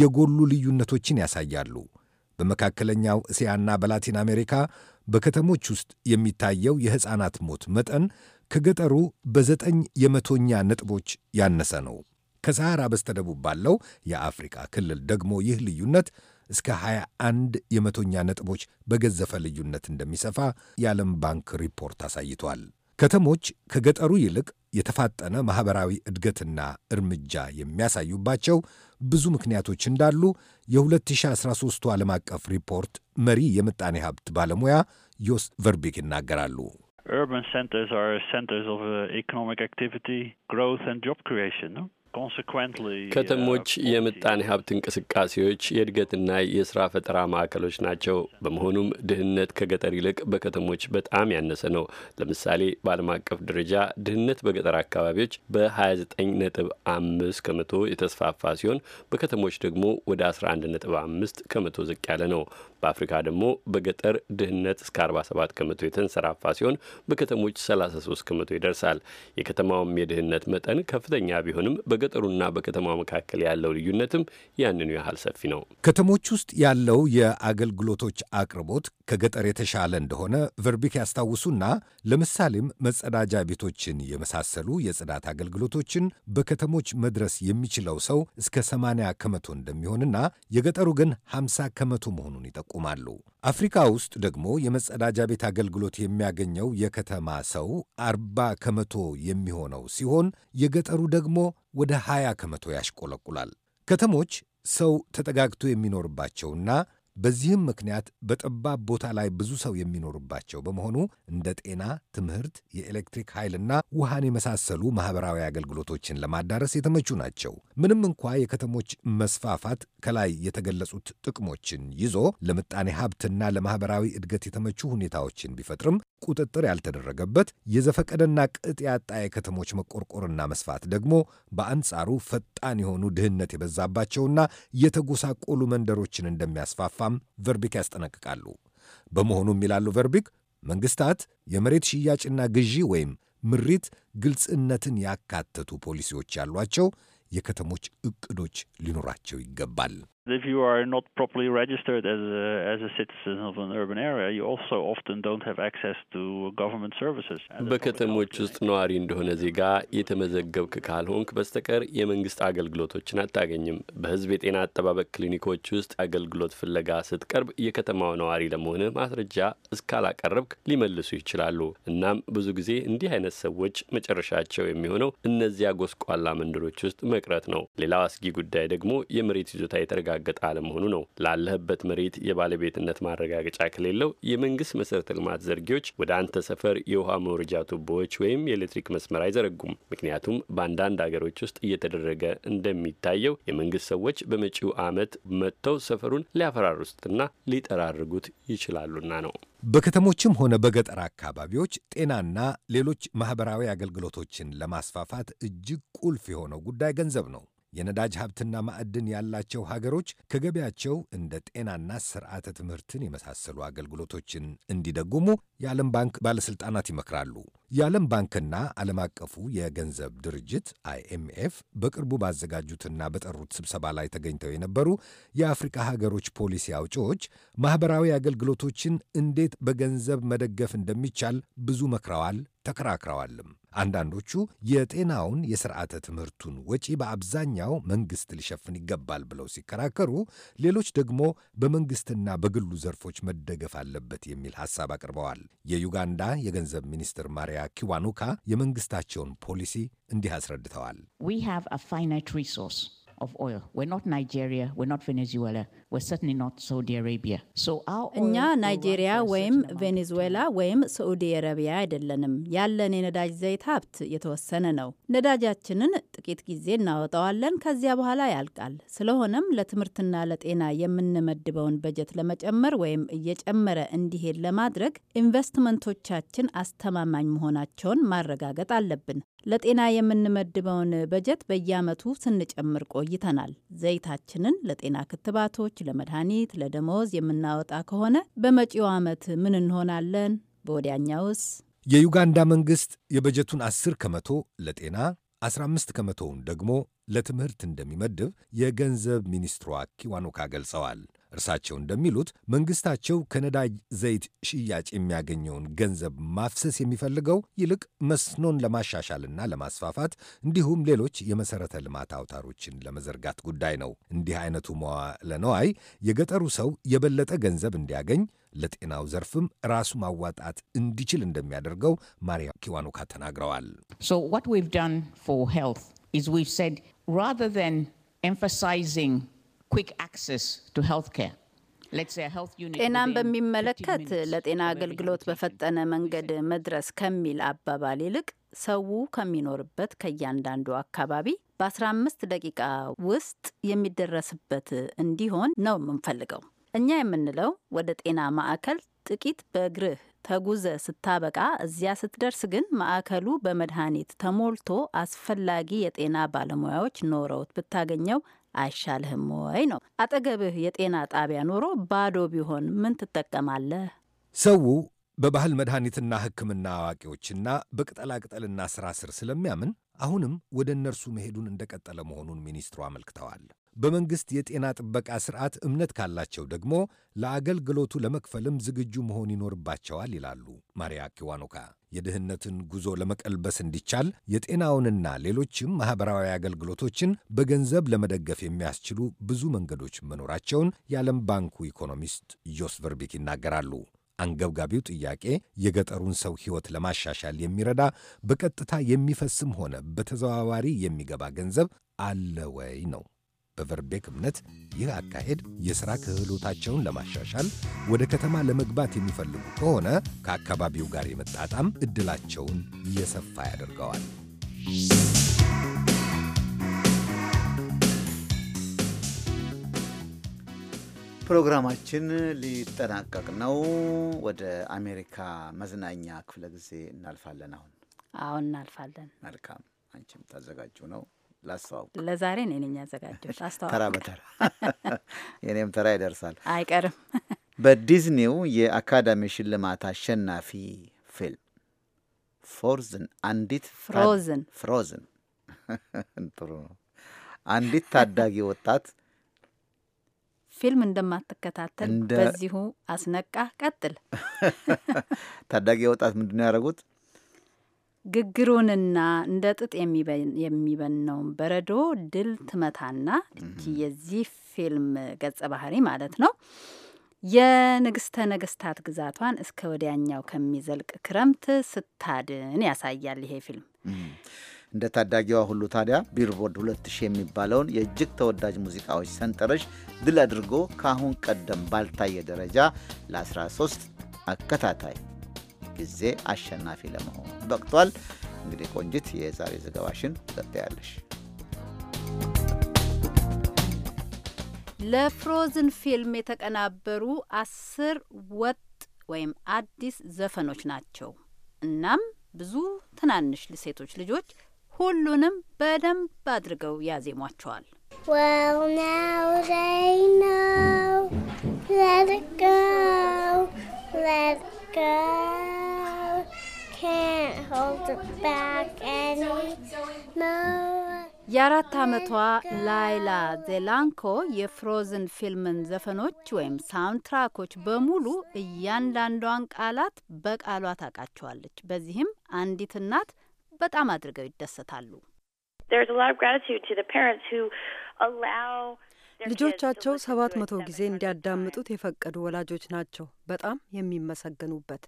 የጎሉ ልዩነቶችን ያሳያሉ። በመካከለኛው እስያና በላቲን አሜሪካ በከተሞች ውስጥ የሚታየው የሕፃናት ሞት መጠን ከገጠሩ በዘጠኝ የመቶኛ ነጥቦች ያነሰ ነው። ከሰሃራ በስተደቡብ ባለው የአፍሪቃ ክልል ደግሞ ይህ ልዩነት እስከ 21 የመቶኛ ነጥቦች በገዘፈ ልዩነት እንደሚሰፋ የዓለም ባንክ ሪፖርት አሳይቷል። ከተሞች ከገጠሩ ይልቅ የተፋጠነ ማኅበራዊ እድገትና እርምጃ የሚያሳዩባቸው ብዙ ምክንያቶች እንዳሉ የ 2013 ዓለም አቀፍ ሪፖርት መሪ የምጣኔ ሀብት ባለሙያ ዮስ ቨርቢክ ይናገራሉ። urban centers are centers of uh, economic activity, growth and job creation. No? ከተሞች uh, የምጣኔ ሀብት እንቅስቃሴዎች የእድገትና የስራ ፈጠራ ማዕከሎች ናቸው። በመሆኑም ድህነት ከገጠር ይልቅ በከተሞች በጣም ያነሰ ነው። ለምሳሌ በዓለም አቀፍ ደረጃ ድህነት በገጠር አካባቢዎች በ29 ነጥብ 5 ከመቶ የተስፋፋ ሲሆን በከተሞች ደግሞ ወደ 11 ነጥብ 5 ከመቶ ዝቅ ያለ ነው። በአፍሪካ ደግሞ በገጠር ድህነት እስከ 47 ከመቶ የተንሰራፋ ሲሆን በከተሞች 33 ከመቶ ይደርሳል። የከተማውም የድህነት መጠን ከፍተኛ ቢሆንም በገጠሩና በከተማው መካከል ያለው ልዩነትም ያንኑ ያህል ሰፊ ነው። ከተሞች ውስጥ ያለው የአገልግሎቶች አቅርቦት ከገጠር የተሻለ እንደሆነ ቨርቢክ ያስታውሱና ለምሳሌም መጸዳጃ ቤቶችን የመሳሰሉ የጽዳት አገልግሎቶችን በከተሞች መድረስ የሚችለው ሰው እስከ 80 ከመቶ እንደሚሆንና የገጠሩ ግን 50 ከመቶ መሆኑን ይጠቁ ይጠቁማሉ። አፍሪካ ውስጥ ደግሞ የመጸዳጃ ቤት አገልግሎት የሚያገኘው የከተማ ሰው 40 ከመቶ የሚሆነው ሲሆን የገጠሩ ደግሞ ወደ 20 ከመቶ ያሽቆለቁላል። ከተሞች ሰው ተጠጋግቶ የሚኖርባቸውና በዚህም ምክንያት በጠባብ ቦታ ላይ ብዙ ሰው የሚኖርባቸው በመሆኑ እንደ ጤና፣ ትምህርት፣ የኤሌክትሪክ ኃይልና ውሃን የመሳሰሉ ማኅበራዊ አገልግሎቶችን ለማዳረስ የተመቹ ናቸው። ምንም እንኳ የከተሞች መስፋፋት ከላይ የተገለጹት ጥቅሞችን ይዞ ለምጣኔ ሀብትና ለማኅበራዊ እድገት የተመቹ ሁኔታዎችን ቢፈጥርም ቁጥጥር ያልተደረገበት የዘፈቀደና ቅጥ ያጣ የከተሞች መቆርቆርና መስፋት ደግሞ በአንጻሩ ፈጣን የሆኑ ድህነት የበዛባቸውና የተጎሳቆሉ መንደሮችን እንደሚያስፋፋም ቨርቢክ ያስጠነቅቃሉ። በመሆኑም ይላሉ ቨርቢክ፣ መንግስታት የመሬት ሽያጭና ግዢ ወይም ምሪት ግልጽነትን ያካተቱ ፖሊሲዎች ያሏቸው የከተሞች እቅዶች ሊኖራቸው ይገባል። If you are not properly registered as a, as a citizen of an urban area, you also often don't have access to government services. በከተሞች ውስጥ ነዋሪ እንደሆነ ዜጋ የተመዘገብክ ካልሆንክ በስተቀር የመንግስት አገልግሎቶችን አታገኝም። በህዝብ የጤና አጠባበቅ ክሊኒኮች ውስጥ አገልግሎት ፍለጋ ስትቀርብ የከተማው ነዋሪ ለመሆነ ማስረጃ እስካላቀረብክ ሊመልሱ ይችላሉ። እናም ብዙ ጊዜ እንዲህ አይነት ሰዎች መጨረሻቸው የሚሆነው እነዚያ ጎስቋላ መንደሮች ውስጥ መቅረት ነው። ሌላው አስጊ ጉዳይ ደግሞ የመሬት ይዞታ የተረጋ የተረጋገጠ አለመሆኑ ነው። ላለህበት መሬት የባለቤትነት ማረጋገጫ ከሌለው የመንግስት መሰረተ ልማት ዘርጊዎች ወደ አንተ ሰፈር የውሃ መውረጃ ቱቦዎች ወይም የኤሌክትሪክ መስመር አይዘረጉም። ምክንያቱም በአንዳንድ አገሮች ውስጥ እየተደረገ እንደሚታየው የመንግስት ሰዎች በመጪው ዓመት መጥተው ሰፈሩን ሊያፈራርሱትና ሊጠራርጉት ይችላሉና ነው። በከተሞችም ሆነ በገጠር አካባቢዎች ጤናና ሌሎች ማኅበራዊ አገልግሎቶችን ለማስፋፋት እጅግ ቁልፍ የሆነው ጉዳይ ገንዘብ ነው። የነዳጅ ሀብትና ማዕድን ያላቸው ሀገሮች ከገቢያቸው እንደ ጤናና ስርዓተ ትምህርትን የመሳሰሉ አገልግሎቶችን እንዲደጉሙ የዓለም ባንክ ባለሥልጣናት ይመክራሉ። የዓለም ባንክና ዓለም አቀፉ የገንዘብ ድርጅት አይኤምኤፍ በቅርቡ ባዘጋጁትና በጠሩት ስብሰባ ላይ ተገኝተው የነበሩ የአፍሪካ ሀገሮች ፖሊሲ አውጪዎች ማኅበራዊ አገልግሎቶችን እንዴት በገንዘብ መደገፍ እንደሚቻል ብዙ መክረዋል፣ ተከራክረዋልም። አንዳንዶቹ የጤናውን የሥርዓተ ትምህርቱን ወጪ በአብዛኛው መንግሥት ሊሸፍን ይገባል ብለው ሲከራከሩ፣ ሌሎች ደግሞ በመንግሥትና በግሉ ዘርፎች መደገፍ አለበት የሚል ሐሳብ አቅርበዋል። የዩጋንዳ የገንዘብ ሚኒስትር ማሪ ማሪያ ኪዋኑካ የመንግስታቸውን ፖሊሲ እንዲህ አስረድተዋል። እኛ ናይጄሪያ ወይም ቬኔዙዌላ ወይም ሳዑዲ አረቢያ አይደለንም። ያለን የነዳጅ ዘይት ሀብት የተወሰነ ነው። ነዳጃችንን ጥቂት ጊዜ እናወጣዋለን፣ ከዚያ በኋላ ያልቃል። ስለሆነም ለትምህርትና ለጤና የምንመድበውን በጀት ለመጨመር ወይም እየጨመረ እንዲሄድ ለማድረግ ኢንቨስትመንቶቻችን አስተማማኝ መሆናቸውን ማረጋገጥ አለብን። ለጤና የምንመድበውን በጀት በየአመቱ ስንጨምር ቆይተናል። ዘይታችንን ለጤና ክትባቶች፣ ለመድኃኒት፣ ለደሞዝ የምናወጣ ከሆነ በመጪው ዓመት ምን እንሆናለን? በወዲያኛውስ? የዩጋንዳ መንግሥት የበጀቱን 10 ከመቶ ለጤና 15 ከመቶውን ደግሞ ለትምህርት እንደሚመድብ የገንዘብ ሚኒስትሯ ኪዋኑካ ገልጸዋል። እርሳቸው እንደሚሉት መንግስታቸው ከነዳጅ ዘይት ሽያጭ የሚያገኘውን ገንዘብ ማፍሰስ የሚፈልገው ይልቅ መስኖን ለማሻሻልና ለማስፋፋት እንዲሁም ሌሎች የመሠረተ ልማት አውታሮችን ለመዘርጋት ጉዳይ ነው። እንዲህ አይነቱ መዋዕለ ነዋይ የገጠሩ ሰው የበለጠ ገንዘብ እንዲያገኝ ለጤናው ዘርፍም ራሱ ማዋጣት እንዲችል እንደሚያደርገው ማሪያ ኪዋኑካ ተናግረዋል። ሶ ዋት ዊቭ ዳን ጤናን በሚመለከት ለጤና አገልግሎት በፈጠነ መንገድ መድረስ ከሚል አባባል ይልቅ ሰው ከሚኖርበት ከእያንዳንዱ አካባቢ በ15 ደቂቃ ውስጥ የሚደረስበት እንዲሆን ነው የምንፈልገው። እኛ የምንለው ወደ ጤና ማዕከል ጥቂት በእግርህ ተጉዘ ስታበቃ እዚያ ስትደርስ ግን ማዕከሉ በመድኃኒት ተሞልቶ አስፈላጊ የጤና ባለሙያዎች ኖረውት ብታገኘው አይሻልህም ወይ ነው። አጠገብህ የጤና ጣቢያ ኖሮ ባዶ ቢሆን ምን ትጠቀማለህ? ሰው በባህል መድኃኒትና ሕክምና አዋቂዎችና በቅጠላቅጠልና ስራ ስር ስለሚያምን አሁንም ወደ እነርሱ መሄዱን እንደቀጠለ መሆኑን ሚኒስትሩ አመልክተዋል። በመንግሥት የጤና ጥበቃ ሥርዓት እምነት ካላቸው ደግሞ ለአገልግሎቱ ለመክፈልም ዝግጁ መሆን ይኖርባቸዋል ይላሉ ማሪያ ኪዋኖካ። የድህነትን ጉዞ ለመቀልበስ እንዲቻል የጤናውንና ሌሎችም ማኅበራዊ አገልግሎቶችን በገንዘብ ለመደገፍ የሚያስችሉ ብዙ መንገዶች መኖራቸውን የዓለም ባንኩ ኢኮኖሚስት ጆስ ቨርቢክ ይናገራሉ። አንገብጋቢው ጥያቄ የገጠሩን ሰው ሕይወት ለማሻሻል የሚረዳ በቀጥታ የሚፈስም ሆነ በተዘዋዋሪ የሚገባ ገንዘብ አለ ወይ ነው። በቨርቤክ እምነት ይህ አካሄድ የሥራ ክህሎታቸውን ለማሻሻል ወደ ከተማ ለመግባት የሚፈልጉ ከሆነ ከአካባቢው ጋር የመጣጣም ዕድላቸውን እየሰፋ ያደርገዋል። ፕሮግራማችን ሊጠናቀቅ ነው። ወደ አሜሪካ መዝናኛ ክፍለ ጊዜ እናልፋለን። አሁን አሁን እናልፋለን። መልካም አንቺም ታዘጋጁ ነው ላስተዋውቅ። ለዛሬ እኔ ነኝ ያዘጋጀሁት። አስተዋውቅ። ተራ በተራ የኔም ተራ ይደርሳል፣ አይቀርም። በዲዝኒው የአካዳሚ ሽልማት አሸናፊ ፊልም ፎርዝን አንዲት ፍሮዝን ፍሮዝን ጥሩ ነው። አንዲት ታዳጊ ወጣት ፊልም እንደማትከታተል በዚሁ አስነቃ። ቀጥል። ታዳጊ ወጣት ምንድን ነው ያደረጉት? ግግሩንና እንደ ጥጥ የሚበነውን በረዶ ድል ትመታና እቺ የዚህ ፊልም ገጸ ባህሪ ማለት ነው የንግስተ ነገስታት ግዛቷን እስከ ወዲያኛው ከሚዘልቅ ክረምት ስታድን ያሳያል ይሄ ፊልም። እንደ ታዳጊዋ ሁሉ ታዲያ ቢልቦርድ 2000 የሚባለውን የእጅግ ተወዳጅ ሙዚቃዎች ሰንጠረዥ ድል አድርጎ ከአሁን ቀደም ባልታየ ደረጃ ለ13 አከታታይ ጊዜ አሸናፊ ለመሆን በቅቷል። እንግዲህ ቆንጂት የዛሬ ዘገባሽን ትቀጥያለሽ። ለፍሮዝን ፊልም የተቀናበሩ አስር ወጥ ወይም አዲስ ዘፈኖች ናቸው። እናም ብዙ ትናንሽ ሴቶች ልጆች ሁሉንም በደንብ አድርገው ያዜሟቸዋል። Well, now they know. Let it go. Let it go. Can't hold it back anymore. የአራት ዓመቷ ላይላ ዜላንኮ የፍሮዝን ፊልምን ዘፈኖች ወይም ሳውንትራኮች በሙሉ እያንዳንዷን ቃላት በቃሏ ታውቃቸዋለች። በዚህም አንዲት እናት በጣም አድርገው ይደሰታሉ። ልጆቻቸው ሰባት መቶ ጊዜ እንዲያዳምጡት የፈቀዱ ወላጆች ናቸው በጣም የሚመሰገኑበት።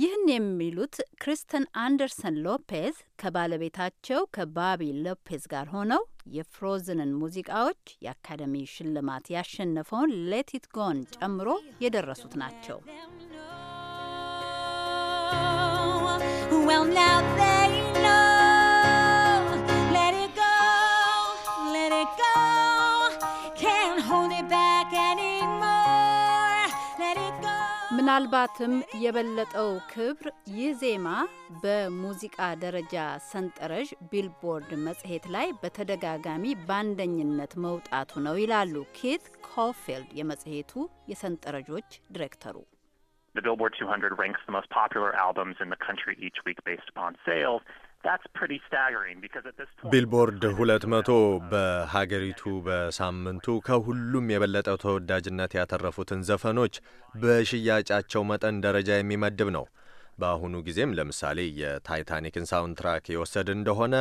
ይህን የሚሉት ክሪስተን አንደርሰን ሎፔዝ ከባለቤታቸው ከባቢ ሎፔዝ ጋር ሆነው የፍሮዝንን ሙዚቃዎች የአካደሚ ሽልማት ያሸነፈውን ሌቲት ጎን ጨምሮ የደረሱት ናቸው። ምናልባትም የበለጠው ክብር ይህ ዜማ በሙዚቃ ደረጃ ሰንጠረዥ ቢልቦርድ መጽሔት ላይ በተደጋጋሚ በአንደኝነት መውጣቱ ነው ይላሉ ኬት ኮፊልድ የመጽሔቱ የሰንጠረዦች ዲሬክተሩ። The Billboard 200 ranks the most popular albums in the country each week based upon sales. ቢልቦርድ ሁለት መቶ በሀገሪቱ በሳምንቱ ከሁሉም የበለጠ ተወዳጅነት ያተረፉትን ዘፈኖች በሽያጫቸው መጠን ደረጃ የሚመድብ ነው። በአሁኑ ጊዜም ለምሳሌ የታይታኒክን ሳውንትራክ የወሰድ እንደሆነ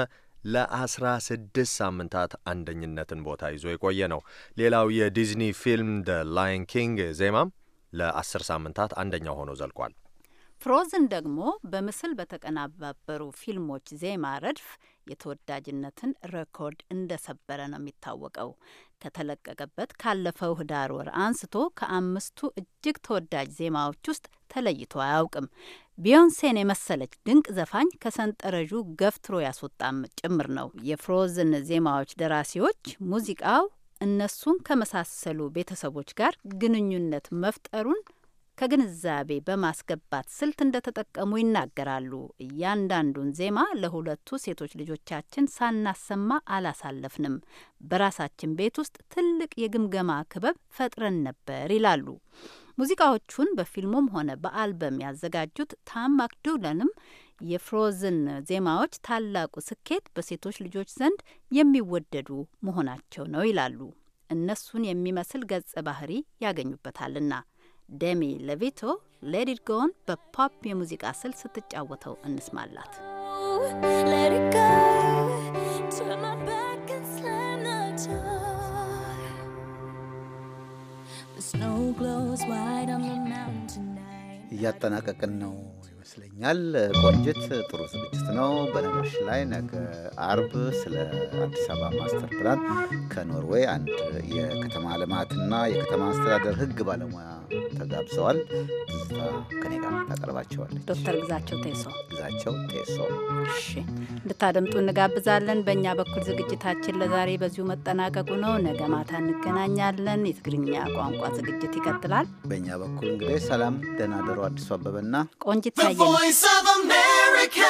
ለአስራ ስድስት ሳምንታት አንደኝነትን ቦታ ይዞ የቆየ ነው። ሌላው የዲዝኒ ፊልም ደ ላይን ኪንግ ዜማም ለአስር ሳምንታት አንደኛ ሆኖ ዘልቋል። ፍሮዝን ደግሞ በምስል በተቀናባበሩ ፊልሞች ዜማ ረድፍ የተወዳጅነትን ሬኮርድ እንደሰበረ ነው የሚታወቀው። ከተለቀቀበት ካለፈው ህዳር ወር አንስቶ ከአምስቱ እጅግ ተወዳጅ ዜማዎች ውስጥ ተለይቶ አያውቅም። ቢዮንሴን የመሰለች ድንቅ ዘፋኝ ከሰንጠረዡ ገፍትሮ ያስወጣም ጭምር ነው። የፍሮዝን ዜማዎች ደራሲዎች ሙዚቃው እነሱን ከመሳሰሉ ቤተሰቦች ጋር ግንኙነት መፍጠሩን ከግንዛቤ በማስገባት ስልት እንደተጠቀሙ ይናገራሉ። እያንዳንዱን ዜማ ለሁለቱ ሴቶች ልጆቻችን ሳናሰማ አላሳለፍንም። በራሳችን ቤት ውስጥ ትልቅ የግምገማ ክበብ ፈጥረን ነበር ይላሉ። ሙዚቃዎቹን በፊልሙም ሆነ በአልበም ያዘጋጁት ታም ማክዱለንም የፍሮዝን ዜማዎች ታላቁ ስኬት በሴቶች ልጆች ዘንድ የሚወደዱ መሆናቸው ነው ይላሉ። እነሱን የሚመስል ገጸ ባህሪ ያገኙበታልና ደሚ ለቪቶ ሌዲድ ጎን በፖፕ የሙዚቃ ስልት ስትጫወተው እንስማላት። እያጠናቀቅን ነው። ይመስለኛል። ቆንጅት ጥሩ ዝግጅት ነው። በነገርሽ ላይ ነገ አርብ ስለ አዲስ አበባ ማስተር ፕላን ከኖርዌይ አንድ የከተማ ልማትና የከተማ አስተዳደር ሕግ ባለሙያ ተጋብዘዋል። ትዝታ ከኔ ጋር ታቀርባቸዋለች። ዶክተር ግዛቸው ቴሶ ግዛቸው ቴሶ እሺ፣ እንድታደምጡ እንጋብዛለን። በእኛ በኩል ዝግጅታችን ለዛሬ በዚሁ መጠናቀቁ ነው። ነገ ማታ እንገናኛለን። የትግርኛ ቋንቋ ዝግጅት ይቀጥላል። በእኛ በኩል እንግዲህ ሰላም፣ ደህና ደሩ። አዲሱ አበበና ቆንጅት Voice of America.